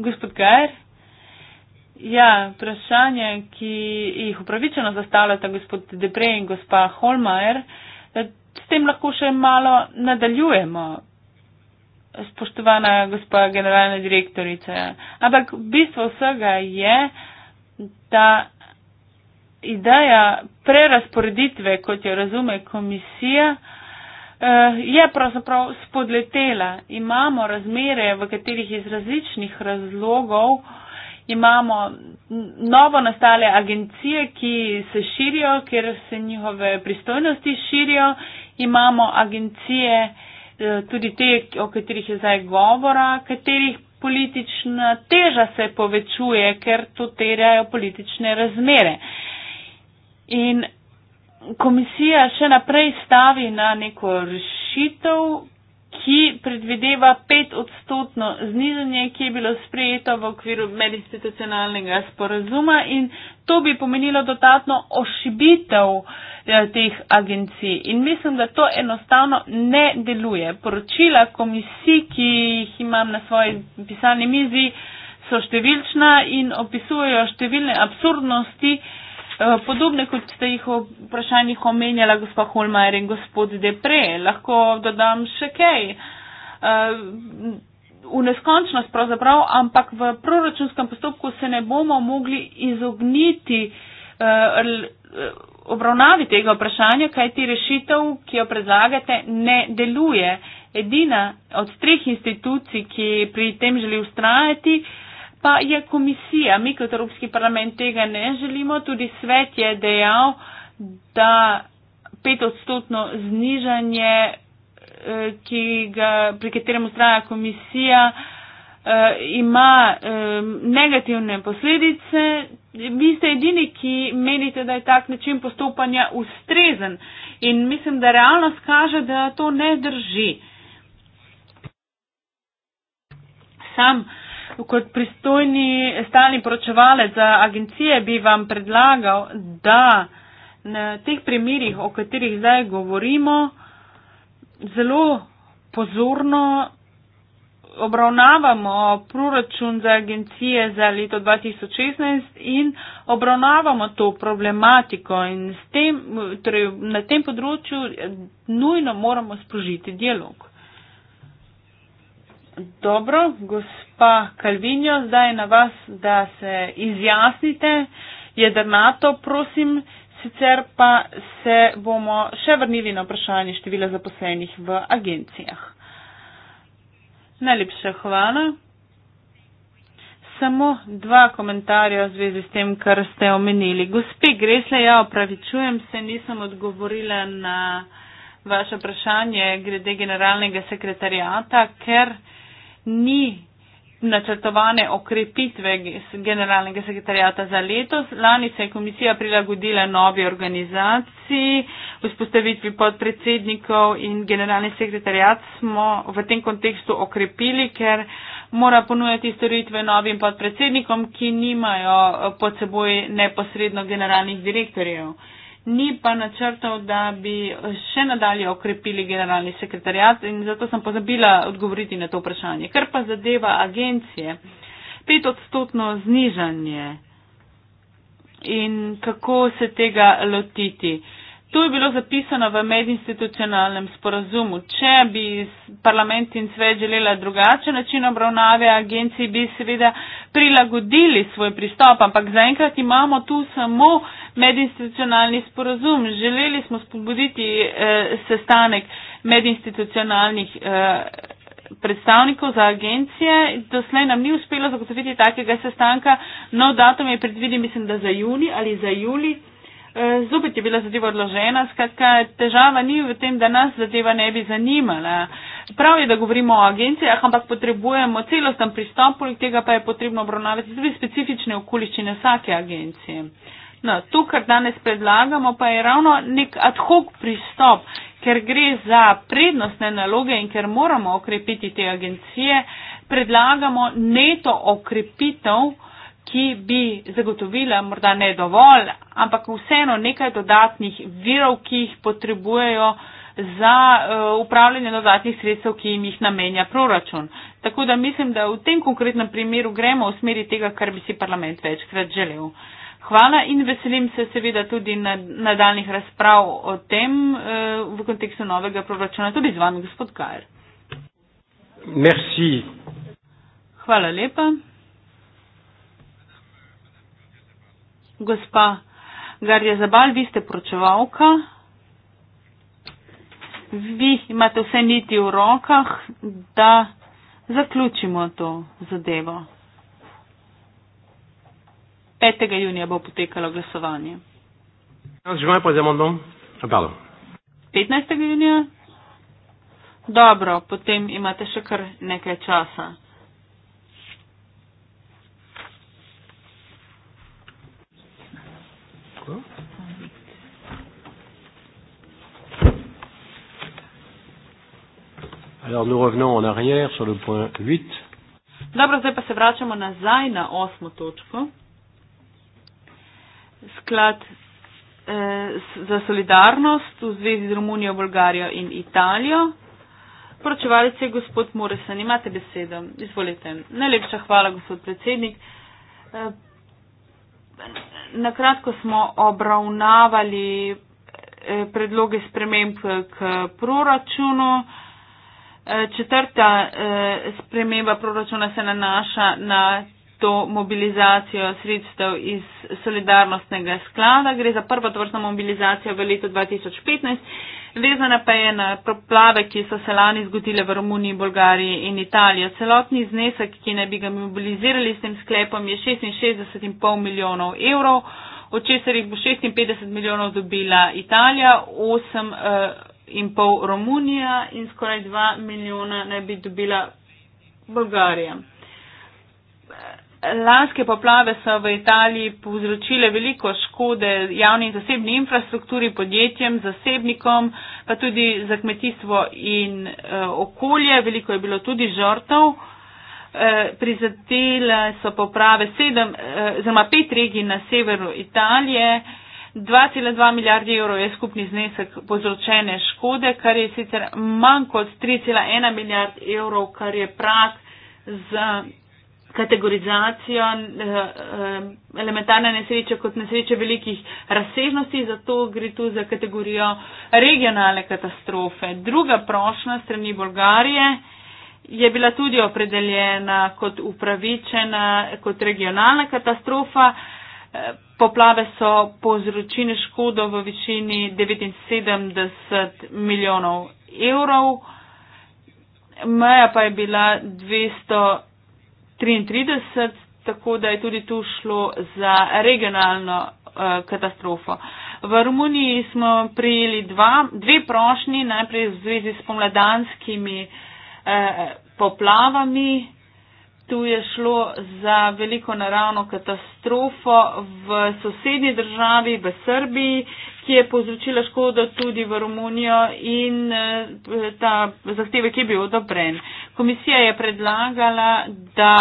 gospod Gajer, ja, vprašanje, ki jih upravičeno zastavljata gospod Debrej in gospa Holmajer s tem lahko še malo nadaljujemo, spoštovana gospa generalna direktorica. Ampak bistvo vsega je, da ideja prerasporeditve, kot jo razume komisija, eh, je pravzaprav spodletela. Imamo razmere, v katerih iz različnih razlogov uh, imamo novo nastale agencije, ki se širijo, ker se njihove pristojnosti širijo. Imamo agencije, eh, tudi te, o katerih je zdaj govora, katerih politična teža se povečuje, ker to terjajo politične razmere. In komisija še naprej stavi na neko rešitev, ki predvideva petodstotno znižanje, ki je bilo sprejeto v okviru medinstitucionalnega sporazuma in to bi pomenilo dodatno ošibitev eh, teh agencij. In mislim, da to enostavno ne deluje. Poročila komisij, ki jih imam na svoji pisalni mizi, so številčna in opisujejo številne absurdnosti, Eh, podobne kot ste jih v vprašanjih omenjala gospa Holmajer in gospod Depre, lahko dodam še kaj. Eh, v neskončnost pravzaprav, ampak v proračunskem postopku se ne bomo mogli izogniti eh, obravnavi tega vprašanja, kaj ti rešitev, ki jo predlagate, ne deluje. Edina od treh institucij, ki pri tem želi ustrajati, uh, Pa je komisija, mi kot Evropski parlament tega ne želimo, tudi svet je dejal, da petodstotno znižanje, eh, ga, pri katerem ustraja komisija, eh, ima eh, negativne posledice. Vi ste edini, ki menite, da je tak način postopanja ustrezen in mislim, da realnost kaže, da to ne drži. Sam kot pristojni stalni poročevalec za agencije bi vam predlagal, da na teh primerih, o katerih zdaj govorimo, zelo pozorno obravnavamo proračun za agencije za leto 2016 in obravnavamo to problematiko in tem, torej na tem področju nujno moramo sprožiti dialog. Dobro, gospa Kalvinjo, zdaj je na vas, da se izjasnite. Jedrnato, prosim, sicer pa se bomo še vrnili na vprašanje števila zaposlenih v agencijah. Najlepša hvala. Samo dva komentarja v zvezi s tem, kar ste omenili. Gospe Gresle, ja, opravičujem se, nisem odgovorila na vaše vprašanje glede generalnega sekretarijata, ker ni načrtovane okrepitve generalnega sekretarjata za letos. Lani se je komisija prilagodila novi organizaciji, vzpostavitvi podpredsednikov in generalni sekretarjat smo v tem kontekstu okrepili, ker mora ponujati storitve novim podpredsednikom, ki nimajo pod seboj neposredno generalnih direktorjev. Uh, ni pa načrtov, da bi še nadalje okrepili generalni sekretarjat in zato sem pozabila odgovoriti na to vprašanje. Kar pa zadeva agencije, pet odstotno znižanje in kako se tega lotiti. Uh, To je bilo zapisano v medinstitucionalnem sporazumu. Če bi parlament in svet želela drugačen način obravnave agencij, bi seveda prilagodili svoj pristop, ampak zaenkrat imamo tu samo medinstitucionalni sporazum. Želeli smo spodbuditi eh, sestanek medinstitucionalnih. Eh, predstavnikov za agencije. Doslej nam ni uspelo zagotoviti takega sestanka. No, datum je predviden, mislim, da za juni ali za juli. Eh, zopet je bila zadeva odložena, skratka težava ni v tem, da nas zadeva ne bi zanimala. Prav je, da govorimo o agencijah, ampak potrebujemo celosten pristop, poleg tega pa je potrebno obravnavati tudi specifične okoliščine vsake agencije. No, to, kar danes predlagamo, pa je ravno nek ad hoc pristop, ker gre za prednostne naloge in ker moramo okrepiti te agencije, predlagamo neto okrepitev ki bi zagotovila, morda ne dovolj, ampak vseeno nekaj dodatnih virov, ki jih potrebujejo za uh, upravljanje dodatnih sredstev, ki jim jih namenja proračun. Tako da mislim, da v tem konkretnem primeru gremo v smeri tega, kar bi si parlament večkrat želel. Hvala in veselim se seveda tudi nadaljnih razprav o tem uh, v kontekstu novega proračuna, tudi z vami, gospod Kajer. Merci. Hvala lepa. Gospa Garja Zabal, vi ste poročevalka. Vi imate vse niti v rokah, da zaključimo to zadevo. 5. junija bo potekalo glasovanje. 15. junija? Dobro, potem imate še kar nekaj časa. Alors nous revenons en arrière sur le point 8. Dobro, zdaj pa se vračamo nazaj na osmo točko. Sklad eh, za solidarnost v zvezi z Romunijo, Bolgarijo in Italijo. Poročevalec je gospod Moresan, imate besedo. Izvolite. Najlepša hvala, gospod predsednik. Eh, nakratko smo obravnavali eh, predloge sprememb k, k proračunu. Eh, Eh, četrta eh, sprememba proračuna se nanaša na to mobilizacijo sredstev iz solidarnostnega sklada. Gre za prvo tvrstno mobilizacijo v letu 2015. Vezana pa je na proplave, ki so se lani zgodile v Romuniji, Bolgariji in Italiji. Celotni znesek, ki naj bi ga mobilizirali s tem sklepom, je 66,5 milijonov evrov, od česar jih bo 56 milijonov dobila Italija, 8 milijonov. Eh, in pol Romunija in skoraj 2 milijona naj bi dobila Bolgarija. Lanske poplave so v Italiji povzročile veliko škode javni in zasebni infrastrukturi, podjetjem, zasebnikom, pa tudi za kmetijstvo in e, okolje. Veliko je bilo tudi žrtev. E, prizadele so poplave sedem, e, eh, zelo pet regij na severu Italije. E, 2,2 milijardi evrov je skupni znesek povzročene škode, kar je sicer manj kot 3,1 milijard evrov, kar je prak za kategorizacijo eh, eh, elementarne nesreče kot nesreče velikih razsežnosti, zato gre tu za kategorijo regionalne katastrofe. Druga prošnja strani Bolgarije je bila tudi opredeljena kot upravičena, kot regionalna katastrofa. Eh, Poplave so povzročile škodo v višini 79 milijonov evrov, meja pa je bila 233, tako da je tudi tu šlo za regionalno uh, katastrofo. V Romuniji smo prijeli dva, dve prošnji, najprej v zvezi s pomladanskimi uh, poplavami tu je šlo za veliko naravno katastrofo v sosednji državi, v Srbiji, ki je povzročila škodo tudi v Romunijo in eh, ta zahtevek je bil odobren. Komisija je predlagala, da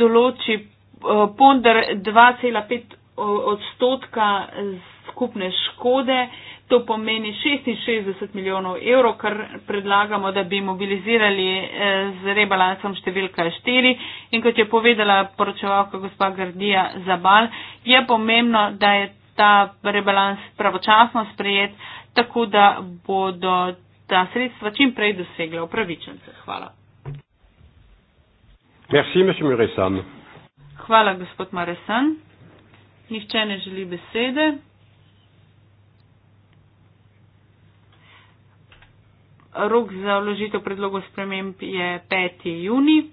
določi eh, ponder 2,5 odstotka skupne škode. To pomeni 66 milijonov evrov, kar predlagamo, da bi mobilizirali eh, z rebalansom številka 4. In kot je povedala poročevalka gospa Gardija Zabal, je pomembno, da je ta rebalans pravočasno sprejet, tako da bodo ta sredstva čim prej dosegla upravičence. Hvala. Merci, Hvala, gospod Maresan. Nihče ne želi besede. rok za vložitev predlogo sprememb je 5. juni.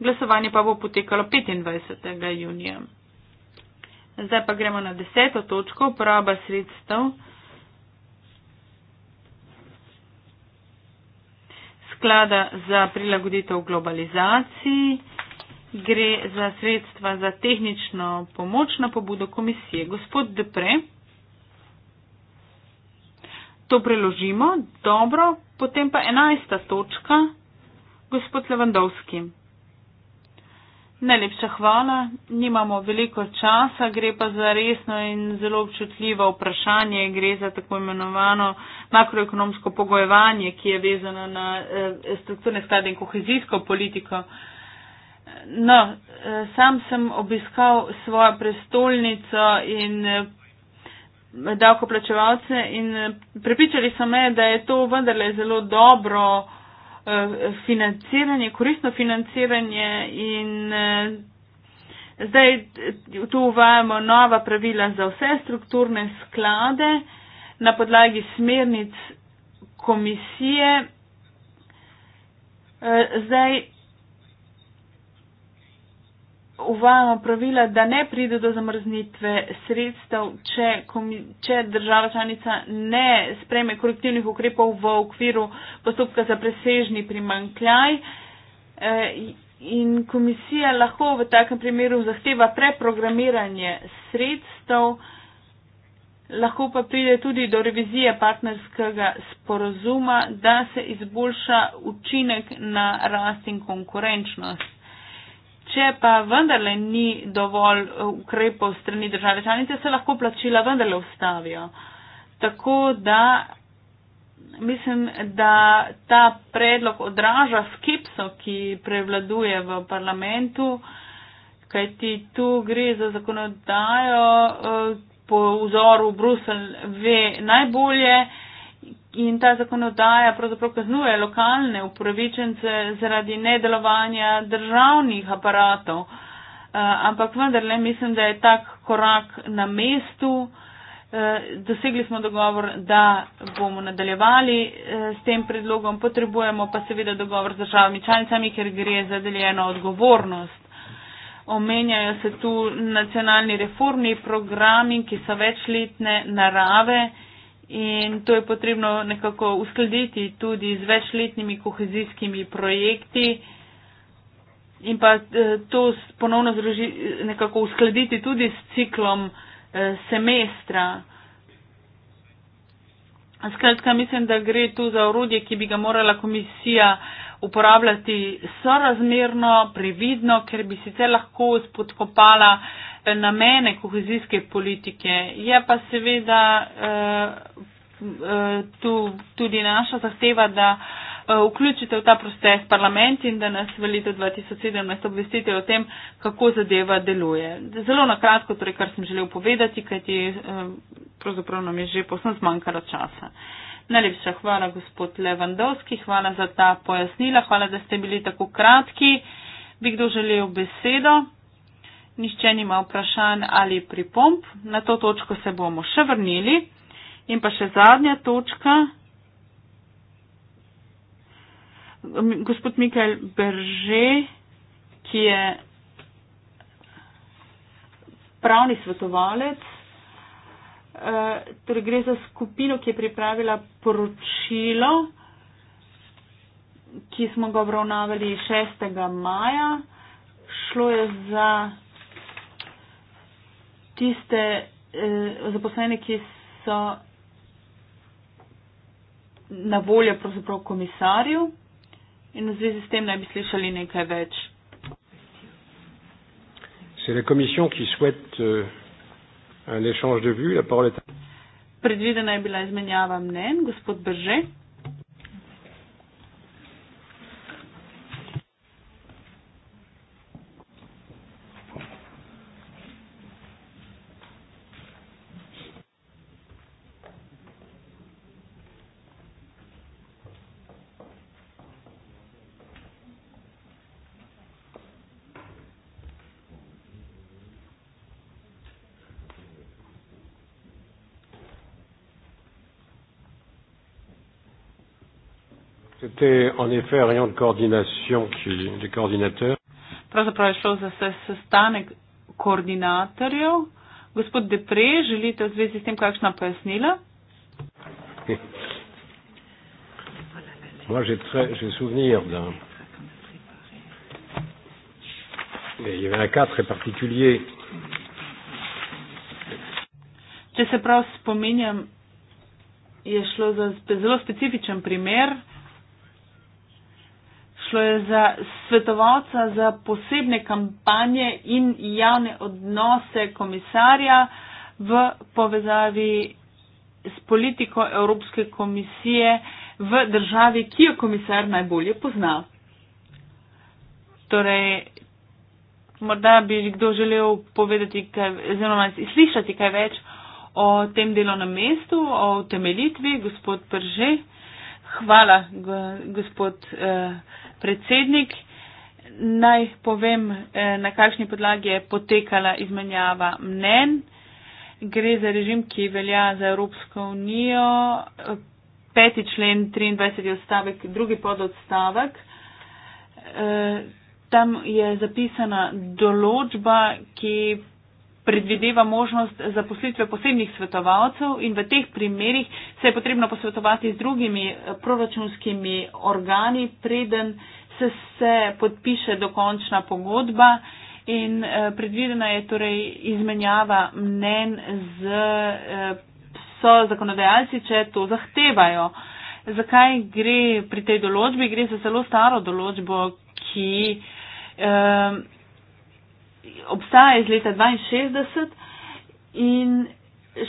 Glasovanje pa bo potekalo 25. junija. Zdaj pa gremo na deseto točko, uporaba sredstev. Sklada za prilagoditev globalizaciji gre za sredstva za tehnično pomoč na pobudo komisije. Gospod Depre to preložimo, dobro, potem pa enajsta točka, gospod Levandovski. Najlepša hvala, nimamo veliko časa, gre pa za resno in zelo občutljivo vprašanje, gre za tako imenovano makroekonomsko pogojevanje, ki je vezano na eh, strukturne sklade in kohezijsko politiko. No, eh, sam sem obiskal svojo prestolnico in eh, davkoplačevalce in eh, prepričali so me, da je to vendarle zelo dobro eh, financiranje, koristno financiranje in eh, zdaj tu uvajamo nova pravila za vse strukturne sklade na podlagi smernic komisije. Zdaj, uvajamo pravila, da ne pride do zamrznitve sredstev, če, če država članica ne spreme korektivnih ukrepov v okviru postopka za presežni primankljaj. Eh, in komisija lahko v takem primeru zahteva preprogramiranje sredstev, lahko pa pride tudi do revizije partnerskega sporozuma, da se izboljša učinek na rast in konkurenčnost. Če pa vendarle ni dovolj eh, ukrepov strani države članice, se lahko plačila vendarle ustavijo. Tako da mislim, da ta predlog odraža skepso, ki prevladuje v parlamentu, kajti tu gre za zakonodajo eh, po vzoru Brusel ve najbolje, uh, in ta zakonodaja pravzaprav kaznuje lokalne upravičence zaradi nedelovanja državnih aparatov. Eh, ampak vendarle mislim, da je tak korak na mestu. Eh, dosegli smo dogovor, da bomo nadaljevali eh, s tem predlogom, potrebujemo pa seveda dogovor z državami članicami, ker gre za deljeno odgovornost. Omenjajo se tu nacionalni reformni programi, ki so večletne narave In to je potrebno nekako uskladiti tudi z večletnimi kohezijskimi projekti in pa eh, to ponovno zraži, nekako uskladiti tudi s ciklom eh, semestra. Skratka, mislim, da gre tu za orodje, ki bi ga morala komisija uporabljati sorazmerno, previdno, ker bi sicer lahko spodkopala eh, namene kohezijske politike. Je pa seveda eh, eh, tu tudi naša zahteva, da eh, vključite v ta proces parlament in da nas v letu 2017 obvestite o tem, kako zadeva deluje. Zelo na kratko, torej, kar sem želel povedati, kajti pravzaprav nam je že posem zmanjkalo časa. Najlepša hvala, gospod Levandovski, hvala za ta pojasnila, hvala, da ste bili tako kratki. Bi kdo želel besedo? nišče nima vprašanj ali pripomp, na to točko se bomo še vrnili. In pa še zadnja točka. Gospod Mikel Berže, ki je pravni svetovalec, eh, torej gre za skupino, ki je pripravila poročilo, ki smo ga obravnavali 6. maja. Šlo je za tiste eh, zaposlene, ki so na voljo pravzaprav komisarju in v zvezi s tem naj bi slišali nekaj več. Euh, Predvidena je bila izmenjava mnen, gospod Brže. été en effet un réunion de coordination qui, des coordinateurs. Pravzaprav je šlo za sestanek koordinatorjev. Gospod Depre, želite v zvezi s tem kakšna pojasnila? Moi, j'ai très, j'ai souvenir d'un. Mais il y avait un cas très particulier. Če se prav spominjam, je šlo za zelo specifičen primer šlo je za svetovalca za posebne kampanje in javne odnose komisarja v povezavi s politiko Evropske komisije v državi, ki jo komisar najbolje pozna. Torej, morda bi kdo želel povedati, oziroma slišati kaj več o tem delovnem mestu, o utemeljitvi, gospod Prže. Hvala, gospod eh, predsednik. Naj povem, eh, na kakšni podlagi je potekala izmenjava mnen. Gre za režim, ki velja za Evropsko unijo. Peti člen 23. odstavek, drugi pododstavek. Eh, tam je zapisana določba, ki predvideva možnost zaposlitve posebnih svetovalcev in v teh primerih se je potrebno posvetovati z drugimi eh, proračunskimi organi, preden se, se podpiše dokončna pogodba in eh, predvidena je torej izmenjava mnen z eh, so zakonodajalci, če to zahtevajo. Zakaj gre pri tej določbi? Gre za zelo staro določbo, ki. Eh, obstaja iz leta 62 in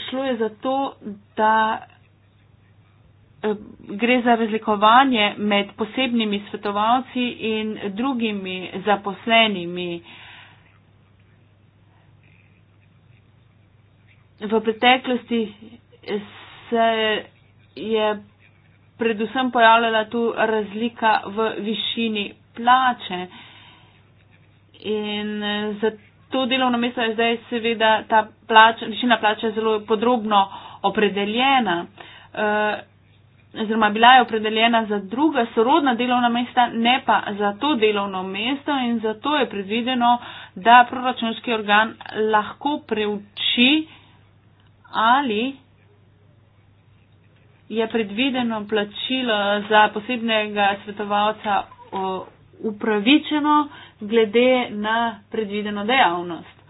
šlo je za to, da eh, gre za razlikovanje med posebnimi svetovalci in drugimi zaposlenimi. V preteklosti se je predvsem pojavljala tu razlika v višini plače in eh, zato to delovno mesto je zdaj seveda ta plača, višina plače je zelo podrobno opredeljena. Eh, oziroma, bila je opredeljena za druga sorodna delovna mesta, ne pa za to delovno mesto in zato je predvideno, da proračunski organ lahko preuči ali je predvideno plačilo za posebnega svetovalca upravičeno glede na predvideno dejavnost.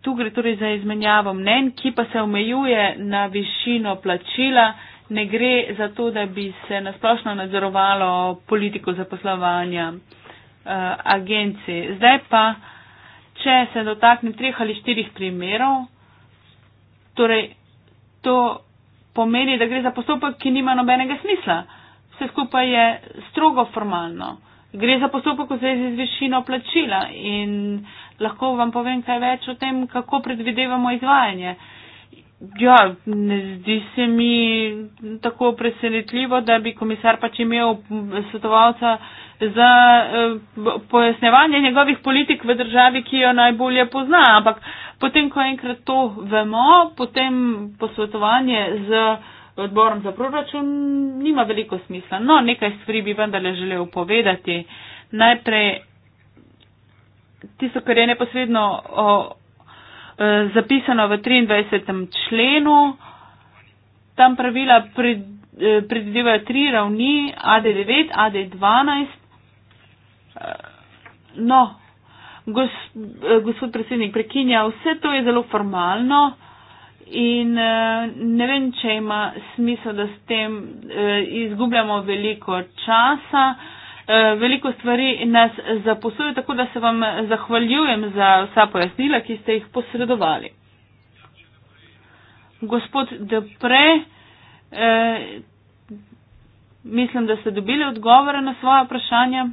Tu gre torej za izmenjavo mnen, ki pa se omejuje na višino plačila, ne gre za to, da bi se nasplošno nadzorovalo politiko zaposlovanja eh, agencij. Zdaj pa, če se dotaknem treh ali štirih primerov, torej to pomeni, da gre za postopek, ki nima nobenega smisla vse skupaj je strogo formalno. Gre za postopek v zvezi z višino plačila in lahko vam povem kaj več o tem, kako predvidevamo izvajanje. Ja, ne zdi se mi tako presenetljivo, da bi komisar pač imel svetovalca za eh, pojasnevanje njegovih politik v državi, ki jo najbolje pozna, ampak potem, ko enkrat to vemo, potem posvetovanje z odborom za proračun nima veliko smisla. No, nekaj stvari bi vendarle želel povedati. Najprej tisto, kar je neposredno o, e, zapisano v 23. členu, tam pravila pred, e, predvidevajo tri ravni, AD9, AD12. E, no, gos, e, gospod predsednik prekinja, vse to je zelo formalno. In eh, ne vem, če ima smisel, da s tem eh, izgubljamo veliko časa. Eh, veliko stvari nas zaposluje, tako da se vam zahvaljujem za vsa pojasnila, ki ste jih posredovali. Gospod Depre, mislim, da ste dobili odgovore na svoje vprašanje.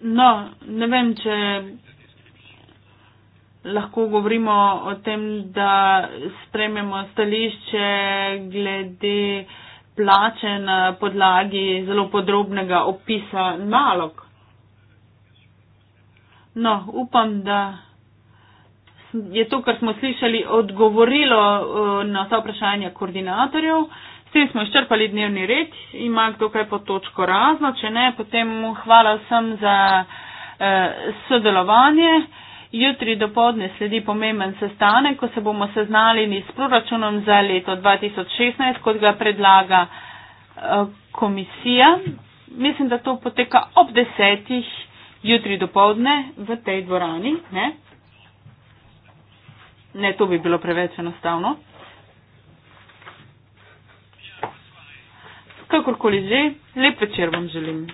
No, ne vem, če lahko govorimo o tem, da sprememo stališče glede plače na podlagi zelo podrobnega opisa nalog. No, upam, da je to, kar smo slišali, odgovorilo eh, na ta vprašanja koordinatorjev. S tem smo izčrpali dnevni red, ima kdo kaj po točko razno, če ne, potem hvala vsem za eh, sodelovanje. Jutri do povdne sledi pomemben sestanek, ko se bomo seznalili s proračunom za leto 2016, kot ga predlaga eh, komisija. Mislim, da to poteka ob desetih jutri do povdne v tej dvorani. Ne? ne, to bi bilo preveč enostavno. Kakorkoli že, lep večer vam želim.